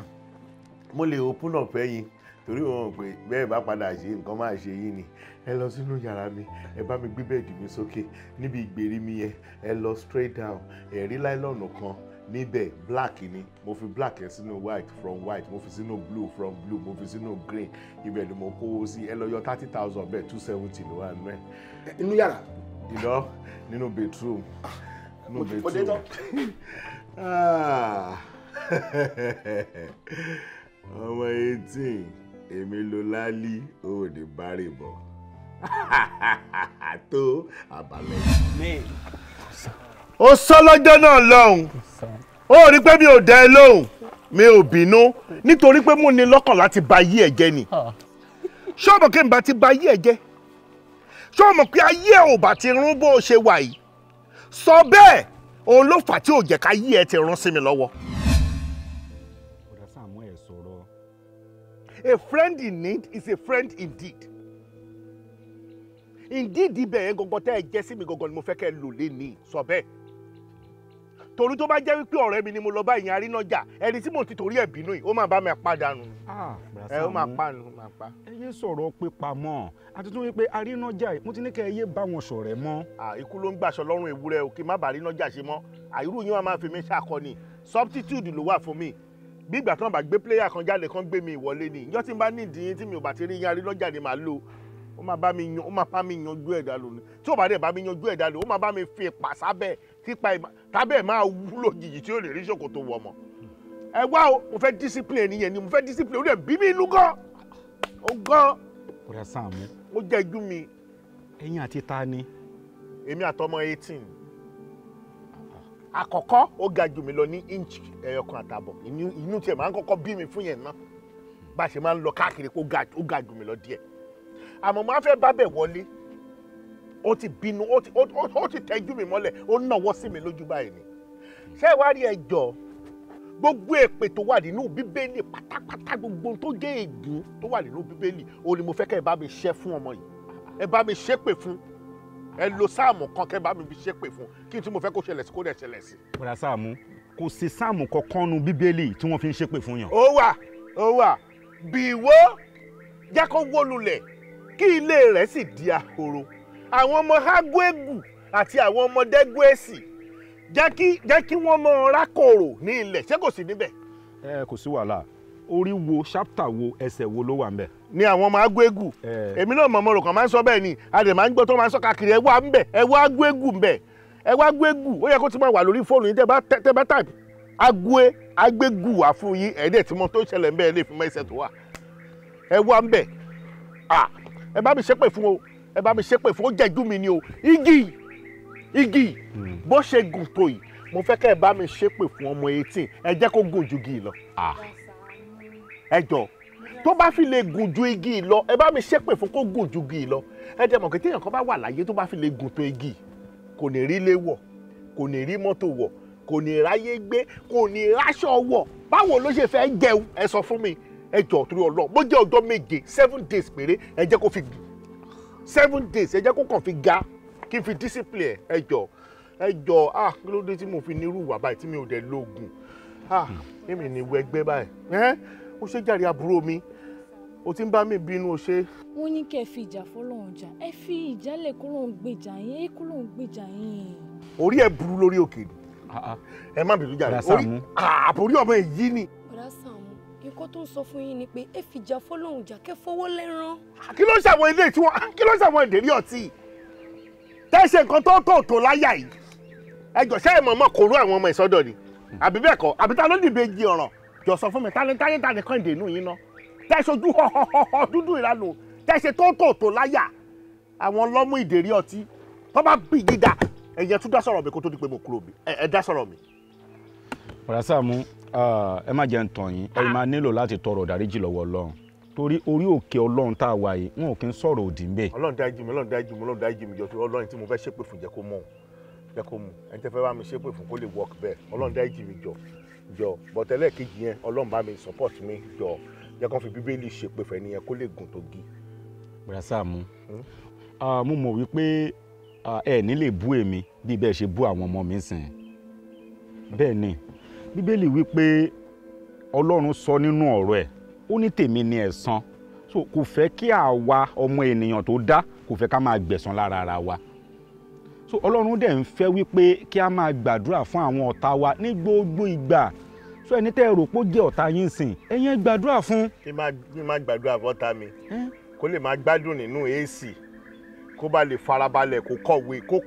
mo lè open up ẹyin torí wọn pé bẹ́ẹ̀ bá padà ṣe nǹkan máa ṣe yín ni ẹ lọ sínú yàrá mi ẹ bá mi gbé bẹ́ẹ̀dì mi sókè níbi ìgbèrí mi yẹn ẹ lọ straight down ẹ rí kan níbẹ̀ black ni mo fi black yẹn sínú white from white mo fi sínú blue from blue mo fi sínú green ibẹ̀ ni mo kó o sí ẹ lọ yọ thirty thousand bẹ́ẹ̀ two seventy ló wà nínú ẹ. inú yàrá You know, bedroom nínú bedroom ah. ọmọ eighteen èmi ló lálí o ò ní bárè bọ̀ tó àbámẹ́. ó sọ lọ́jọ́ náà lọ́hùn ó rí pé mi ò dá ẹ lóhùn mi ò bínú nítorí pé mo ní lọ́kàn láti ba yí ẹ̀ jẹ́ ni ṣọ́ọ̀bù kí n bá ti ba yí ẹ̀ ṣé o mọ̀ pé ayé ẹ̀ ò bá ti rún bó o ṣe wà yìí sọ bẹ́ẹ̀ òun ló fà tí ò jẹ́ ká yí ẹ ti rún sí mi lọ́wọ́. a friend in need is a friend indeed. indeed ibẹ̀ yẹn gangan tẹ́ ẹ jẹ́ sí mi gangan ni mo fẹ́ kẹ́ ẹ lò lé ní sọ bẹ́ẹ̀ torí tó bá jẹ́ wípé ọ̀rẹ́ mi ni mo lọ bá ìyẹn arínájà ẹni tí mo ti torí ẹ̀ bínú yìí ó máa bá mi padà nù. Ah, ẹ ó máa pa nù máa pa. ẹ yé sọ̀rọ̀ pé pamọ́ àti tó wípé arínájà mo ti ní kẹ́ ẹ yé bá wọn sọ̀rẹ́ mọ́. ikú ló ń gbàṣọ lọ́rùn ewúrẹ́ o kí má bàa arínájà ṣe mọ́ àìrú yín wọn máa fi mí ṣàkọni substitute ló wà fún mi bí ìgbà tí wọn bá gbé player kan jáde kan gbé mi ìwọlé ni ìjọ tí n bá nídìí yín tí mi ò bá ti rí yín arínájà ni màá lò ó máa bá mi yan ó yanjú ẹ̀dá lónìí tí ò bá dẹ̀ bá mi yanjú ẹ̀dá lónìí ó máa bá mi fi ìpàsábẹ́ típa ẹ̀ tábẹ́ ẹ̀ máa wúlò jìjì tí ó lè rí ṣòkòtò wọ̀ mọ́ ẹ wá o mo fẹ́ discipline yẹn ni mo fẹ́ discipline ó dẹ̀ bí mi inú gan ó gan. kódà Sàámú. ó jẹ́ ijú mi. ẹ̀yin àti ta ni. èmi àtọmọ eighteen àkọ́kọ́ ó ga jù mí lọ ní inch ẹyọ eh, kan àtàbọ̀ inú tiẹ̀ máa ń kọ́kọ́ bí mi fún yẹn náà bá a ṣe máa ń lọ káàkiri pé ó ga jù mí lọ díẹ̀ àmọ́ máa fẹ́ bábẹ̀ wọlé ó ti bínú ó ti tẹ́jú mi mọ́lẹ̀ ó nàwọ́ sí mi lójú báyìí ni ṣé wàá rí ẹjọ́ gbogbo èpè tó wà nínú bíbélì pátápátá gbogbo tó jẹ́ ègún tó wà nínú bíbélì ó ní mo fẹ́ kẹ́ ẹ bá mi ṣẹ́ fún ọmọ yìí ẹ bá mi ṣépè fún ẹ lo sáàmù kan kẹ́ ẹ bá mi fi ṣépè fún kí n tí mo fẹ́ kó ṣẹlẹ̀ sí kó dẹ̀ ṣẹlẹ̀ sí. padà sáàmù kò sí sáàmù kankan nu bíbélì tí wọ́n fi ń ṣépè fún yàn. ó wà ó wà bìwó jẹ́ kó wó kí ilé rẹ̀ sì di ahoro àwọn ọmọ haguegu àti àwọn ọmọ dẹguẹsì jẹ́ kí jẹ́ kí wọ́n mọ rákòrò ní ilẹ̀ ṣé kò sí níbẹ̀. ẹ kò sí wàhálà orí wo ṣápítà wo ẹsẹ̀ wo ló wà ń bẹ̀. ni àwọn ọmọ agbẹ́gù èmi náà mọ̀ mọ̀rọ̀ kan máa ń sọ bẹ́ẹ̀ ni a dẹ̀ máa ń gbọ́ tó máa ń sọ káàkiri ẹ wá ń bẹ̀ ẹ wá agbẹ́gù ń bẹ̀ ẹ wá agbẹ́gù ó yẹ kó ti máa wà lórí fóònù yìí tẹ́ bá tàbí agbe agbẹ́gù wà fún yín ẹ̀ẹ́dẹ̀ tí mo tó ṣẹlẹ̀ ń bẹ́ẹ̀ lè fi mọ́ ẹsẹ̀ tó wà ẹ wá ń bẹ̀ ẹ bá mi ṣépè fún o ẹ bá mi ṣépè fún ó jẹ̀dú mi ni o igi igi hmm. bó ṣe gùn tó yìí mo fẹ́ kẹ́ ẹ bá mi ṣépè fún ọmọ eighteen ẹ jẹ́ kó gùn ju igi lọ ẹ jọ tó bá fi lè gùn ju igi lọ ẹ bá mi ṣépè fún kó gùn ju igi lọ ẹ jẹ́ mọ̀ kí téèyàn kan bá wà láyé tó bá fi lè gùn tó igi kò ní rí lé wọ̀ kò ní rí mọ́tò wọ̀ kò ní ráyé gbé kò ní ráṣọ wọ̀ báwo ló ṣe fẹ́ jẹun ẹ sọ fún mi ẹ jọ torí Ọlọ́run mo jẹ́ ọjọ́ méje seven days péré ẹ jẹ́ kó fi gùn seven days ẹ jẹ́ kó kàn fi ga kí n fi discipline ẹ jọ ẹ jọ ah kí ló dé tí mo fi nírú ìwà báyìí tí mi ò dẹ̀ lóògùn ah èmi ní ìwọ ẹgbẹ́ báyìí ẹ ó ṣe jàre àbúrò mi o ti ń bá mi bínú o ṣe. wọ́n ní kẹ́ ẹ fi ìjà fọlọ́run jà ẹ fi ìjálẹ̀ kó lóun gbèjà yín ẹ kó lóun gbèjà yín. orí ẹ burú lórí òkè ni ah, ah. ẹ má bínú jàre orí àbórí ọmọ èyí ni nǹkan tó ń sọ fún yín ni pé ẹ fìjà fọlọ́hún jà kẹ́ fọwọ́ lẹ́rán. Ah, kí ló ń ṣàwọn ilé tí wọn ah, kí ló ń ṣàwọn ìdérí ọtí tẹ́ ṣe nǹkan tó tó tó láyà yìí ẹ jọ ṣe ìmọ̀ ọmọ kò rú àwọn ọmọ ìsọdọ̀ ni àbí bẹ́ẹ̀ kọ́ àbí ta ló dìbò èjì ọ̀ràn jọ sọ fún mi tálẹ́ntálẹ́ntà nìkan ìdènú yín ná tẹ́ ṣojú họ́họ́họ́ dúdú ìranù tẹ́ tó tó tó láyà àwọn lọ́mú ìdérí ọtí tó bá bì gíga ẹ̀yẹ tún dá sọ̀rọ̀ mi kó tó di pé mo kúrò mi ẹ̀ dá sọ̀rọ̀ mi rasamu ẹ má jẹ́ ń tàn yín ẹ ah. máa nílò láti tọrọ ìdáríjì lọ́wọ́ ọlọ́run torí orí òkè ọlọ́run tá a wà yìí wọn ò kí ń sọ̀rọ̀ òdì ń bẹ̀. ọlọ́run dájú mi ọlọ́run dájú mi ọlọ́run dájú mi jọ̀tún ọlọ́run tí mo fẹ́ ṣépè fún jẹ́ kó mọ̀ jẹ́ kó mu ẹni tẹ́ fẹ́ bá mi ṣépè fún kó lè work bẹ́ẹ̀ ọlọ́run dájú mi jọ jọ bọ̀tẹ́lẹ̀ kejì yẹn ọlọ́run bá mi support mi jọ jẹ́ kó fi bíbélì ṣépè fẹ́ nìyẹn kó lè gùn tó gi. brasamu hmm? mo mọ̀ wípé ẹ ní lè bú èmi bí bẹ́ẹ̀ ṣe bú àwọn ọmọ mi sìn bẹ́ẹ̀ ni bíbélì wípé ọlọ́run sọ nínú ọ̀rọ̀ ẹ̀ ó ní tèmi ni ẹ̀san so kò fẹ́ kí àwa ọmọ ènìyàn tó dá kò fẹ́ ká máa gbẹ̀san lára ara wa so ọlọ́run dẹ̀ ń fẹ́ wípé kí a máa gbàdúrà fún àwọn ọ̀tá wa ní gbogbo ìgbà so ẹni tẹ́ ẹ rò pé ó jẹ́ ọ̀tá yín sìn ẹ̀yin gbàdúrà fún. kí n má gbàdúrà fọ́tá mi kó lè máa gbádùn nínú AC kó bá lè farabalẹ̀ kó kọ̀wé kó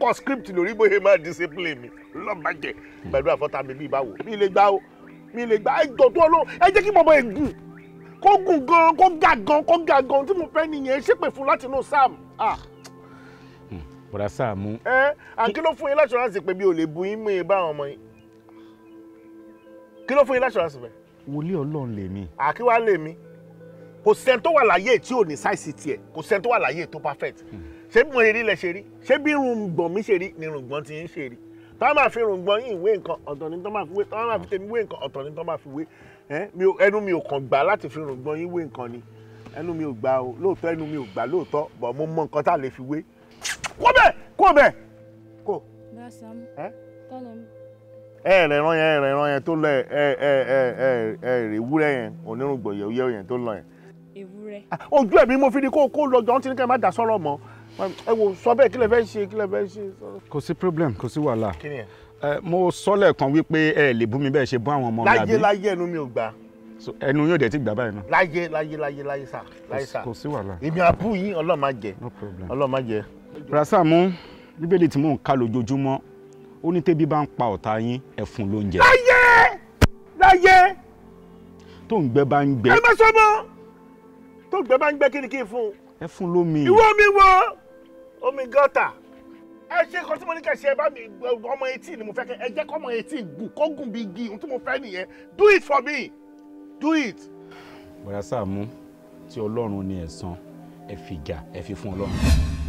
kọ̀ script lórí bóyá máa discipline mi lọ́bàjẹ́ pẹ̀lú àfọ́tà mi bíi báwo mi lè gbá o mi lè gbá ẹjọ́ tó lọ ẹ jẹ́ kí bọ̀bọ̀ ẹ̀ gùn kó gùn gan kó ga gan kó ga gan tí mo fẹ́ nìyẹn ṣépè fún láti inú sam. bùrà hmm, sáàmù. ẹ àǹkí ló fún yín láṣọ̀ránsì pé bí o lè bu yín mú yín bá àwọn ọmọ yín kí ló fún yín láṣọ̀ránsì pé. wòlíì ọlọ́run lè mi. àkíwá lè mi kò sẹ́ni tó wà láyé tí ò ní sáìsì tiẹ̀ kò sẹ́ni tó wà láyé tó perfect hmm. ṣé mo rí rí lẹ ṣe rí ṣé bí irùngbọ̀n mi ṣe rí ni irùngbọ̀n ti ń ṣe rí tá máa fi rògbọ́n yín ìwé nǹkan ọ̀tọ̀ ni tó máa fi wé tá máa fi tèmi wé nǹkan ọ̀tọ̀ ni tó máa fi wé ẹnu mi ò kàn gbà láti fi rògbọ́n yín wé nǹkan ni ẹnu mi ò gbà o lóòótọ́ ẹnu mi ò gbà lóòótọ́ bọ̀ mo mọ nǹkan tá a lè fi wé kó bẹ́ẹ̀ kó bẹ́ẹ̀ kó. ẹ ẹ rẹran yẹn ẹ rẹran yẹn tó lọ ẹ ẹ ẹ ẹ ẹ ẹ ewúrẹ́ yẹn onírùngbọ̀n yẹ̀wúyẹ̀ yẹn tó lọ yẹn. ewúrẹ́. Ah, ojú ẹ̀mí mo fi ni kó kó lọ jọ ẹ wo sọ bẹ́ẹ̀ kí lẹ fẹ́ ṣe kí lẹ fẹ́ ṣe. kò sí problem kò sí wàhálà mo sọ lẹ́ẹ̀kan wípé ẹ lè bú mi bẹ́ẹ̀ ṣe bú àwọn ọmọ mi àbí. láyé láyé ẹnu mi ò gbà. ẹnu yóò dẹ̀ ti gbà báyìí náà. láyé láyé láyé láyé sà láyé sà kò sí wàhálà. èmi àbú yín ọlọ́ọ̀ má jẹ ọlọ́ọ̀ má jẹ. rasamu bíbélì tí mò ń ka lójoojúmọ́ ó ní tẹ́bí bá ń pa ọ̀tá yín ẹ fún lóúnjẹ. láyé láyé. tó ń gbẹ bá ń gbẹ. ẹ má sọ mọ́ tó ń gbẹ bá ń gbẹ kí ni kí n fún. ẹ fún lómi. ìwọ mi wọ omi gọ́tà ẹ ṣe nǹkan tí mo ní kẹ́ ṣe ẹ bá mi ọmọ eighteen ni mo fẹ́ kẹ́ ẹ jẹ́ kọ́ ọmọ eighteen gùn kó gùn bí igi ohun tí mo fẹ́ nìyẹn do it for me do it. bọ̀dá Sàámú tí ọlọ́run ní ẹ̀san ẹ fi ìjà ẹ fi fún ọlọ́run.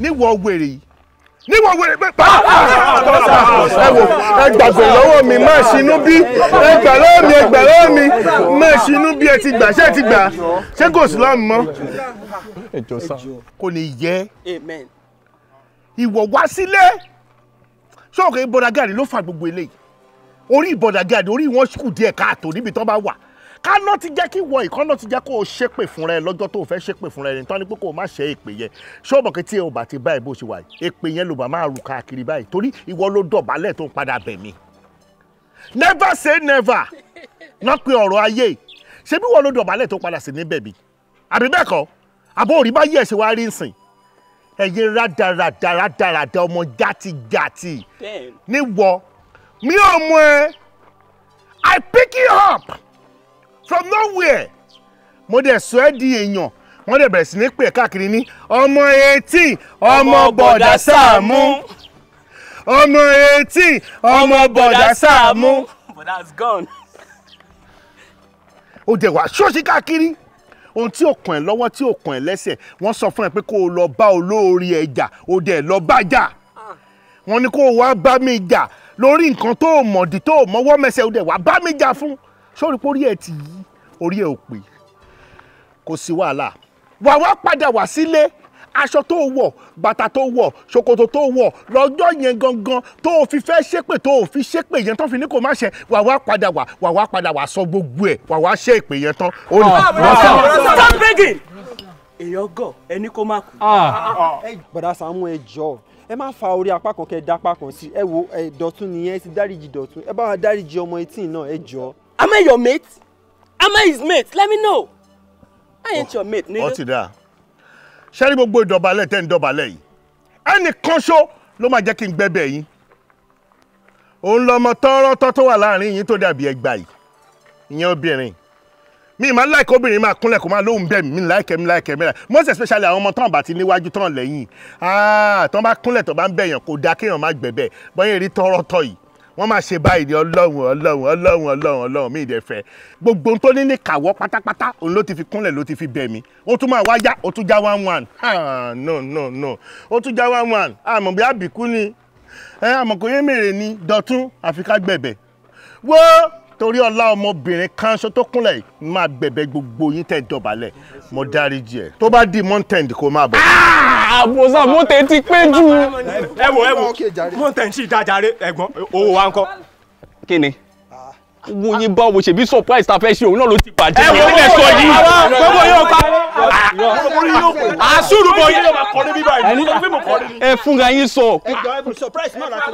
níwọ̀ wèrè níwọ̀ wèrè pé. ẹ wò ẹ gbàgbé lọ́wọ́ mi má ṣinú bí ẹ gbà lọ́wọ́ mi ẹ gbà lọ́wọ́ mi má ṣinú bí ẹ ti gbà ṣé ẹ ti gbà ṣé kò sí lọ́mọ. ẹ jọ kò ní yẹ. amen ìwọ wá sílé sọ̀rọ̀ ìbọ̀dàgàdì ló fa gbogbo eléyìí orí ìbọ̀dàgàdì orí wọn kù díẹ̀ káàtó níbi tó bá wà káná ti jẹ́ kí wọ ìkànnà ti jẹ́ kó o ṣépè fúnra ẹ lọ́jọ́ tó o fẹ́ ṣépè fúnra ẹ ní tán pé kó o má ṣe èpè yẹn ṣọ́ọ̀bù tí o bá ti báyìí bó ṣe wà yìí èpè yẹn ló bá máa rù káàkiri báyìí torí ìwọ ló dọ̀bálẹ̀ tó ń padà bẹ̀ mí. never say never ná pe ọ̀rọ̀ ayé ṣé bí wọ́n ló dọ̀bálẹ̀ tó padà sí níbẹ̀ mi àbí bẹ́ẹ̀ kọ́ àbó òrí bá yí ṣe wá rí nsìn ẹ̀yin rádaràdaràdaràdà ọmọ gàtìgàtì níwọ mi ò mọ ẹ I pick you up from nowhere mo dẹ̀ sọ ẹ́ di èèyàn wọ́n dẹ̀ bẹ̀rẹ̀ sí ní pè káàkiri ní ọmọ etí ọmọ bọ̀dà Sàámú ọmọ etí ọmọ bọ̀dà Sàámú. But that's gone. ó dẹ̀ wá ṣọ́ọ̀ṣì káàkiri ohun tí ò kàn ẹ́ lọ́wọ́ tí ò kàn ẹ́ lẹ́sẹ̀ wọ́n sọ fún ẹ pé kó o lọ bá olórí ẹ̀jà o dẹ̀ lọ bá jà wọ́n ní kó o wá bá mi jà lórí nǹkan tó o mọ̀dí tó o mọ́wọ́ mẹsẹ̀ o dẹ̀ wá bá mi jà fún sórí pé orí ẹ ti yí orí ẹ ò pé kò sí wàhálà wà wá padà wá sílé aṣọ tó wọ̀ bàtà tó wọ̀ ṣòkòtò tó wọ̀ lọ́jọ́ yẹn gangan tó o fi fẹ́ ṣépè tó o fi ṣépè yẹn tán fi ní kò má ṣe wà wá padà wà wà wá padà wà sọ gbogbo ẹ̀ wà wá ṣe ìpè yẹn tán. Ah, stop begging. èèyàn gọ̀ ẹni kó má kú. Ah. Ah, bàdá Sàámú ẹ jọ̀ọ́ ẹ má fa orí apá kan kẹ dá apá kan sí ẹ wo ẹ dọ̀tún nìyẹn ẹ ti dáríjì dọ̀tún ẹ bá wa dáríjì ọmọ etí náà ẹ jọ̀ọ́. am I your mate? am I his mate? let me know. I ain't your mate. ó ti dáa ṣẹ́rí gbogbo ìdọ̀bálẹ̀ tẹ́ ń dọ̀bálẹ̀ yìí ẹnì kan ṣó ló máa jẹ́ kí n gbẹ́bẹ̀ yín òun lọmọ tọ́rọ́tọ́ tó wà láàrin yín tó dàbí ẹgbà yìí ìyẹn obìnrin mi ì máa láìka obìnrin máa kúnlẹ̀ kó máa lóhùn bẹ́ẹ̀ mi láìkẹ́ mi láìkẹ́ mi láìkẹ́ most especially àwọn ọmọ tán bá ti níwájú tán lẹ́yìn ah, tán bá kúnlẹ̀ tó bá ń bẹ̀yàn kò dáa kéèyàn má gbẹ̀bẹ̀ bọ́yìn rí tọ́rọ́tọ́ yìí wọ́n máa ṣe báyìí ní ọlọ́run ọlọ́run ọlọ́run ọlọ́run ọlọ́run mi ìdẹ́fẹ́ gbogbo tó ní ní kàwọ́ pátápátá òun ló ti fi kúnlẹ̀ ló ti fi bẹ̀ mí ó tún máa wáyá ó tún já one one no no no ó tún já one one àmọ̀ bí àbíkú ni àmọ̀kòyé mèrè ni dọ̀tún àfi gbẹ̀bẹ̀ wọ́ọ́ torí ọlá ọmọbìnrin kan ṣo tó kúnlẹ̀ yìí máa bẹ̀bẹ̀ gbogbo yín tẹ̀ dọ̀bálẹ̀ mo dáríjì ẹ̀ tó bá di mountain kó máa bọ̀. àbòsàn ah, mountain ti pé jù. ẹ wo ẹ wo mountain sì dájà rẹ ẹ̀gbọ́n owó wa ń kọ́. kí ni mo yín bá wo ṣèbí surprise ta fẹ́ ṣe òun náà ló ti bàjẹ́. ẹ wọ́n yóò sọ yìí gbogbo yóò pa àṣùrù bọ̀ yìí ẹ fúnra yín sọ. ẹ jọ ẹ bí surprise náà láti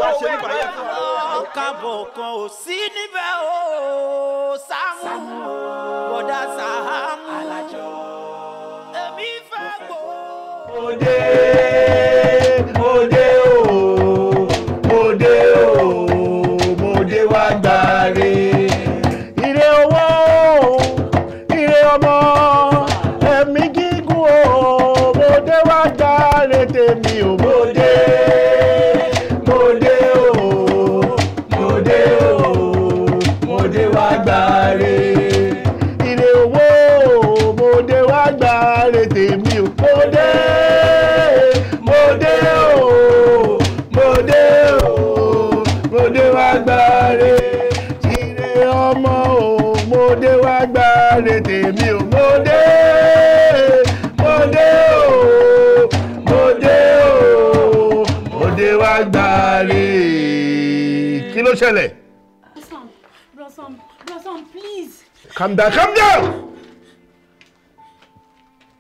Calm down, calm down!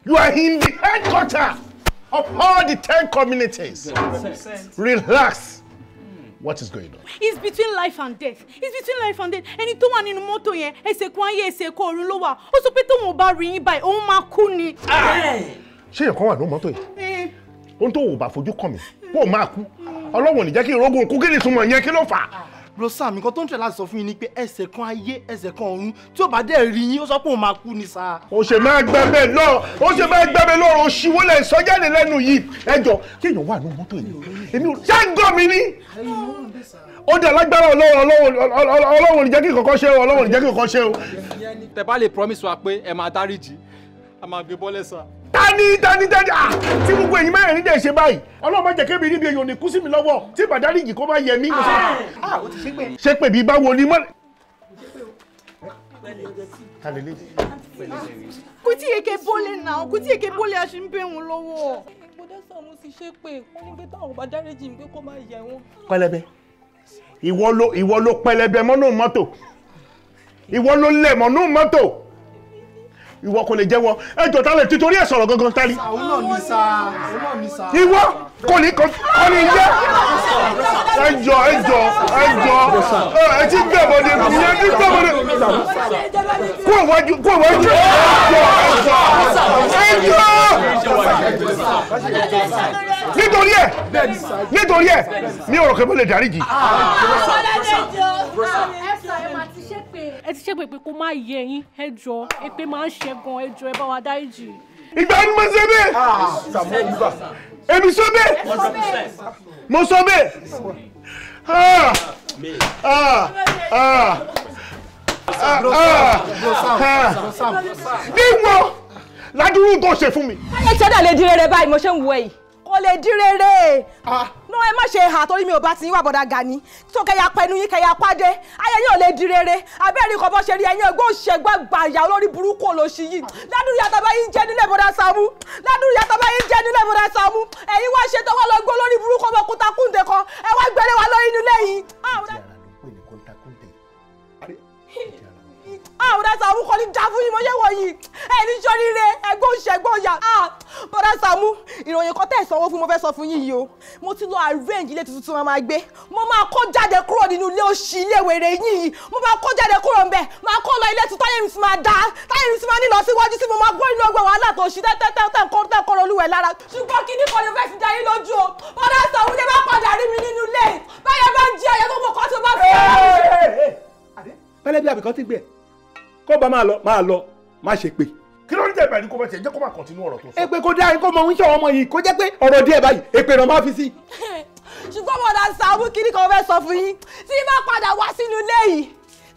You are in the headquarter of all the ten communities. Relax. What is going on? It's between life and death. It's between life and death. Ẹni tó wà nínú mọ́tò yẹn, ẹsẹ̀ kan ayé ẹsẹ̀ kan ọ̀run ló wà. Ó sọ pé tóun ò bá rí yín báyìí, òun máa kú ni. Ah! Ṣé èèyàn kan wà nínú mọ́tò yìí? Eh. Ohun tó ò bá fojú kàn mí, kó o máa kú. Ọlọ́run ò ní jẹ́ kí irogún kú kí ni ìtumọ̀ yẹn kí ló fà á? bro sam nǹkan tó ń tẹ̀ láti sọ fún yín ni pé ẹsẹ̀ kan ayé ẹsẹ̀ kan ọ̀run tí ó bá dẹ̀ rí yín ó sọ pé òun máa kú ni sa. o ṣe máa gbẹ bẹ lọ o ṣe máa gbẹ bẹ lọ o ṣìwọ́ lẹ̀ sọ́jáde lẹ́nu yìí ẹjọ́ kí èèyàn wà ní mọ́tò yìí èmi ò ṣàǹgọ́ mi ni. ó dẹ̀ lágbára ọlọ́run ọlọ́run ò ní jẹ́ kí kọ̀ọ̀kan ṣe o ọlọ́run ò ní jẹ́ kí kọ̀ọ̀kan ṣe o. tẹ bá lè promise wa pé ẹ máa dáríjì a máa gbé bọ́lẹ̀ sá tani tani tani ah tí gbogbo ẹ̀yin mẹ́rin dẹ̀ ṣe báyìí ọlọ́run má jẹ́ kébi níbi èèyàn ní kú sí mi lọ́wọ́ tí bàdárí yìí kó má yẹ mí. Ah, ṣé pè bí báwo ni mọ́. kùtì èké bọ́lẹ̀ náà kùtì èké bọ́lẹ̀ aṣọ ń bẹ̀ wọn lọ́wọ́. ìgbọ́dọ̀ sọ̀rọ̀ sì ṣe pé wọ́n ní pé táwọn bàdárí jì ń pé kó má yẹ wọn. pẹlẹbẹ ìwọ ló pẹlẹbẹ mọ́nú mọ́tò ìwọ ló lẹ̀ mọ́nú mọ́tò ìwọ kò lè jẹ́wọ́ ẹjọ́ ta lè títorí ẹ̀ sọ̀rọ̀ gangan ta ni. ìwọ kò ní kọ́ ní jẹ́ ẹjọ́ ẹjọ́ ẹjọ́ ẹ ti ìyẹn ti gbẹ̀bọ̀ kó ìwájú kó ìwájú ẹjọ́ ẹjọ́ nítorí ẹ nítorí ẹ mi ò rò pé mo lè ẹ ti ṣègbè pé kó má yẹ yín ẹ jọ ẹ pé máa ń ṣe gan ẹ jọ ẹ bá wa dáríjì. ìgbà ni mo ṣe bẹ́ẹ̀ ah, èmi sọ bẹ́ẹ̀ mo sọ bẹ́ẹ̀ ah, ah, níwọ̀n ládùúgbò tó ṣe fún mi. ẹ ṣẹ́dá lè di rere báyìí mo ṣe ń wọ ẹ̀yìn kò lè di rere. Ah. no ẹ má ṣe hà torí mi ò bá ti wà bọ̀dà Gani tó kẹyà pẹnu yín kẹyà pàdé ayé yín ò lè di rere abẹ́rẹ́ kọ́ bọ́ ṣe rí ẹ̀yìn ẹgbẹ́ òṣègbè gbàyà olórí burúkú olóṣì yìí ládùúrú yàtọ̀ bá yín jẹ́ nílẹ̀ bọ̀dà Sàámú ládùúrú yàtọ̀ bá yín jẹ́ nílẹ̀ bọ̀dà Sàámú ẹ̀yin wá ṣe tọ́wọ́ lọ gbó lórí burúkú ọmọ kúntakúndé kan ẹ Ah, bọ̀dá Sàámú kọ́ ní dá fún yín mo yé wọ̀nyí ẹni sọ́ríire ẹgbẹ́ òṣègbọ́n ọ̀yà ah, bọ̀dá Sàámú ìròyìn kan tẹ̀ sanwó fún mo fẹ́ sọ fún yín yìí o mo ti lọ arrange ilé tuntun tí wọ́n máa gbé mo máa kó jáde kúrò nínú ilé òṣì ilé wèrè yín yìí mo máa kó jáde kúrò ńbẹ̀ máa kó lọ ilé tuntun táyé mi ti máa dá táyé mi ti máa nílọ síwájú tí mo máa gbọ́ inú ọgbà wàhálà tó ṣí tẹ́tẹ́tẹ́tẹ́kọ́rọ́ olúwẹ̀ lára ṣùgbọ́n kí ní kọ́ni fẹ́ fi dá yín lójú o bọ̀dá Sàámú lè má padà rí mi nínú ilé báyọ̀ bá ń jẹ ẹ̀yẹ gbogbo kan tó bá fi. pẹ̀lẹ́ bí àbíkọ́ ti gbé ẹ̀ kó ba máa lọ máa lọ má ṣe pé. kí ló ń jẹ́ ìbàdí kó bá tiẹ̀ jẹ́ kó máa kọ̀tínú ọ̀rọ̀ tó sọ. èpè kò dáa kó mọ ohun ṣe ọmọ yìí kó jẹ́ pé ọ̀rọ̀ díẹ̀ báyìí èpè rẹ̀ máa fi sí. ṣùgbọ́n mo dàn sàmú kí ni kò fẹ́ sọ fún yín tí bá padà wá sínú ilé yìí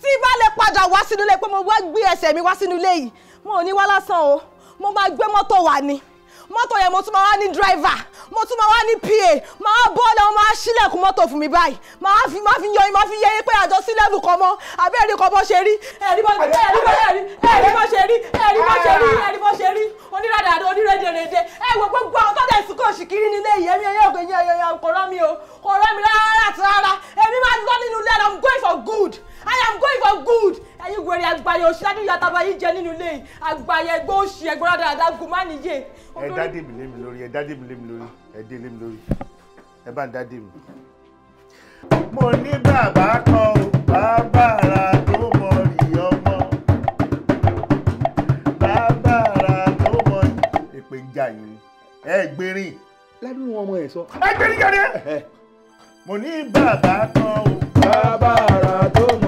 tí bá lè padà wá sínú ilé pé mo wá gbé ẹsẹ̀ mi wá sínú ilé yìí mo ò ní wá lásán o mo máa gbé mọ́tò wá ni mọ́tò yẹn mo tún máa wá ní dírẹ́fà mo tún máa wá ní pa máa bọ́ọ̀lù àwọn máa ṣílẹ̀kùn mọ́tò fún mi báyìí máa fi máa fi yọyìn máa fi yẹyìn pé àjọ sí lẹ́bù kan mọ́ àbí ẹ̀rí kan bọ́ ṣe rí ẹ̀rí bọ́ ẹ̀rí bọ́ ẹ̀rí ẹ̀rí bọ́ ṣe rí ẹ̀rí bọ́ ṣe rí ẹ̀rí bọ́ ṣe rí onírádàdà onírèdèrèdè ẹ wo gbogbo àwọn tọ́jà ìsìnkú òṣìkiri nílé yìí ẹ̀mí ẹ̀yẹ́ ògbẹ́yìn ẹ̀yẹ́ kò rán mi o kò rán mi rárá àti rárá èmi máa ń lọ nínú ilé and I'm going for good. I am going for good. Ẹ̀yin wèrè àgbáyé òṣìṣẹ́ yàtọ̀ bá yín jẹ nínú ilé yìí. Àgbáyé ẹgbẹ́ òṣì ẹgbẹ́ rádà àdágún má nìyé. Ẹ dá dèmi lé mi lórí, ẹ dá dèmi lé mi lórí, ẹ dé lé mi lórí. Ẹ bá ń dá dèmi. Mo ní bàbá kan ò bàbá ara tó mọ rí ọmọ. Bàbá ara tó mọ rí. ń jà yín. Ẹ gbérin. Ládùn ọmọ ẹ̀ sọ. Ẹ gbérin jáde. Mo ní bàbá kan ò bàbá ara tó mọ.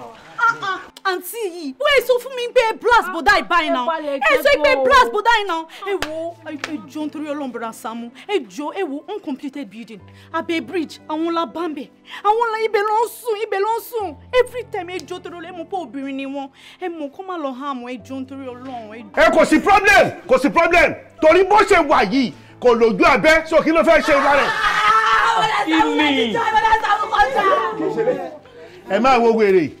àǹtí yìí wọ́n èso fún mi pé blast ah, bọ́dá ìbáyìí náà èso pé blast bọ́dá yìí náà ah. ẹ wo ẹjọ nítorí ọlọ́mọbìnrin Sàámú ẹjọ ẹ wo uncompleted building abẹ́ bridge àwọn la bá ń bẹ̀ àwọn la ibẹ̀ ló ń sùn ibẹ̀ ló ń sùn every time ẹjọ torí ọlọ́ ẹ mọ̀ pé obìnrin ni wọ́n ẹ mọ̀ kó má lọ hàn àwọn ẹjọ nítorí ọlọ́run. ẹ kò sí problem kò sí problem torí bó ṣe wà yìí kò lójú abẹ́ so kí ló fẹ́ ṣe ìwà ah, ẹ máa wo wèrè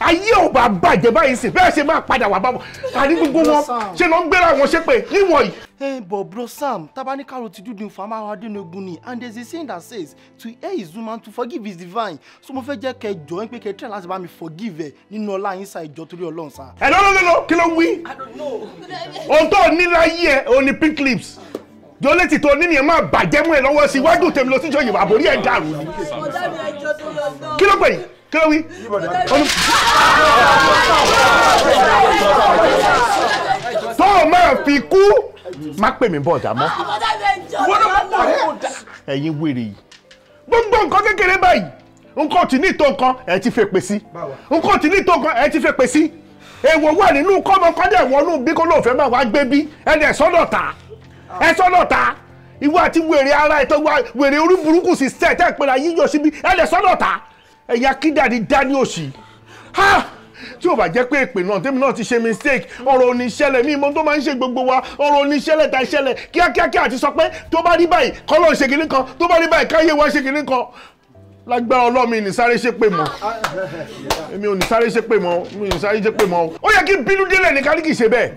ayé ò bá bàjẹ́ báyìí sí bẹ́ẹ̀ ṣe máa padà wà báwọn àní gbogbo wọn ṣe ló ń gbéra wọn ṣépè níwọ̀n yìí. Hey, but bro Sam, Tabanikaro to do the farmer Adenoguni, and there's a saying that says, to hear is human, to forgive is divine. So mo fẹ́ jẹ́ kẹ́ jọ ń pé kẹ́ try láti bá mi forgive ẹ̀ nínú ọlá yín sa ìjọ torí Ọlọ́run sa. Ẹ lọ́lọ́ lọ́lọ́ kí ló ń wí? I don't know. Ohun tó ní láyé ẹ̀ òun ni pink lips. Jọ́lẹ́tì tó ní ni ẹ máa bàjẹ́ mú ẹ lọ́wọ́ sí iwájú tèmi lọ sí ìjọ Yorùbá àbórí ẹ̀ dàrú ni. Kí ló pè yín? kí ló wí. tó o máa fi kú má pè mí bọ̀dà mọ́. ẹ̀yin wèrè yìí gbogbo nǹkan kékeré báyìí nǹkan ò tí ní tó nǹkan ẹ̀ ti fẹ́ pè sí nǹkan ò tí ní tó nǹkan ẹ̀ ti fẹ́ pè sí èèwọ̀ wà nínú kọ́mọkọ́dẹ̀ wọnú bí kò lóòfẹ́ máa wá gbé bí ẹni ẹ̀ sọ́dọ̀ ta ẹ̀ sọ́dọ̀ ta ìwọ àti wèrè ara ẹ̀ wèrè orí burúkú sì sẹ́ẹ̀ tẹ́ ẹ̀ síbi ẹni ẹ̀ sọ́dọ̀ ta ẹ̀yà kídàdí dání òsì tí ò bá jẹ́ pé èpè náà tèmi náà ti ṣe mistake ọ̀rọ̀ oníṣẹ́lẹ̀ mi ìmọ̀ tó máa ń ṣe gbogbo wa ọ̀rọ̀ oníṣẹ́lẹ̀ ta ìṣẹ́lẹ̀ kíákíákíá àti sọ pé tó bá rí báyìí kọ́lọ́ ṣe kìíní kan tó bá rí báyìí káyé wa ṣe kìíní kan lágbára ọlọ́mi ní sáré ṣe pé mọ́ èmi ò ní sáré ṣe pé mọ́ mi ò ní sáré ṣe pé mọ́ ó yẹ kí bínú délẹ̀ ní kárí ṣe bẹ́ẹ̀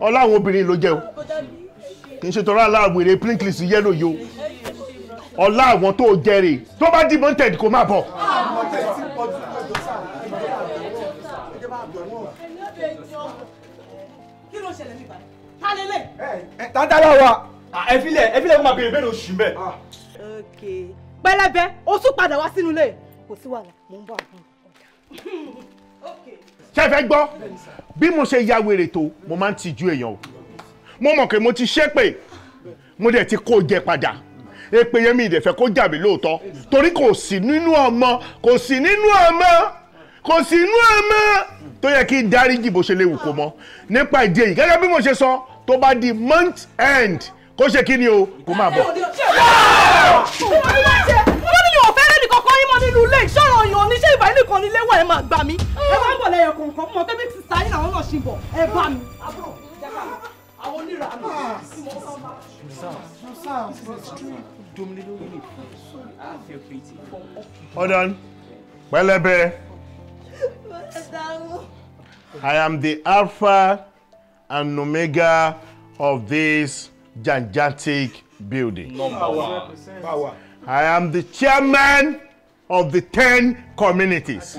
ọlá àwọn obìnrin ló jẹ́ o kì í ṣe tọ́lá ọlá àwọn tó jẹrè tó bá di mọ́tẹ́ẹ̀dì kó má bọ̀. kí ló ṣẹlẹ̀ nípa ta lélẹ̀. tàǹtàlà wa ah, ẹ̀fílẹ̀ ẹ̀fílẹ̀ kó máa béèrè bẹ́ẹ̀ ló ṣì mẹ́. pẹlẹbẹ o tún padà wá sínú ilé kò sí wàhálà mò ń bọ̀ àbúrò ṣe fẹ́ gbọ́ bí mo ṣe ya wèrè tó mo máa ń tijú èèyàn o mo mọ̀ pé mo ti ṣépè mo dẹ̀ ti kó jẹ padà èpè yẹn mi ìdẹ̀fẹ́ kó jà mí lóòótọ́ torí kò sí nínú ọmọ kò sí nínú ọmọ kò sí inú ọmọ tó yẹ kí n dáríjì bó ṣe léwu kó mọ nípa ìdí èyí gẹ́gẹ́ bí mo ṣe sọ tó bá di month end kó ṣe kí ni o kó máa bọ̀. wọ́n ní yóò fẹ́rẹ́ nìkan kan yín mọ́ nínú ilé ìṣọ́rọ̀ yàn ní ṣé ìbá ilé kan nílé wà ẹ máa gbà mí. ẹ máa ń bọ̀ lẹ́yìn kọ̀ọ̀kan mọ̀ pé bí ti sáyé làwọn náà ṣì ń bọ̀ ẹ bá mi. àwọn onírànà hold on pẹlẹbẹ i am the alpha and omega of this gigantic building i am the chairman of the ten communities.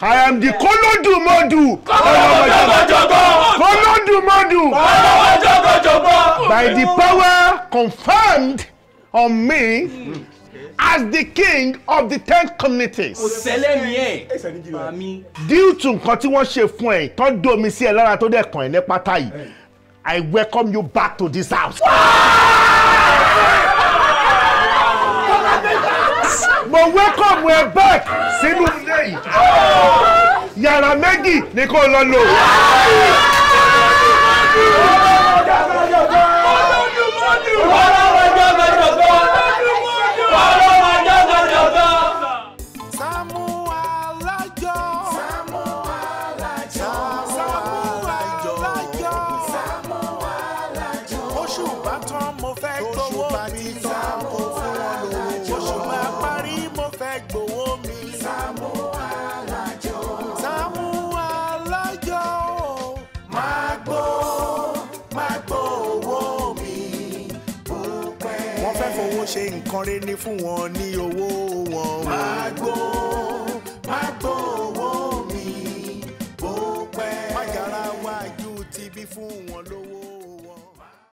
I am the Kolodumodu. Kolodumodu. By the power confirmed on me as the king of the ten communities. kò ṣẹlẹ̀ ni ẹ̀. due to nǹkan tí wọ́n ṣe fún ẹ tó ń domi sí ẹ lára tó dẹ̀ kàn ẹ́ ní pátá yìí I welcome you back to this house. mo welcome ẹ back sínú ilé yìí yàrá méjì ni kò lọ lò. Yeah! fún wọn ní owó wọn. Magbo Magbo owó mi bó pẹ́. Má yàrá wájú tibí fún wọn.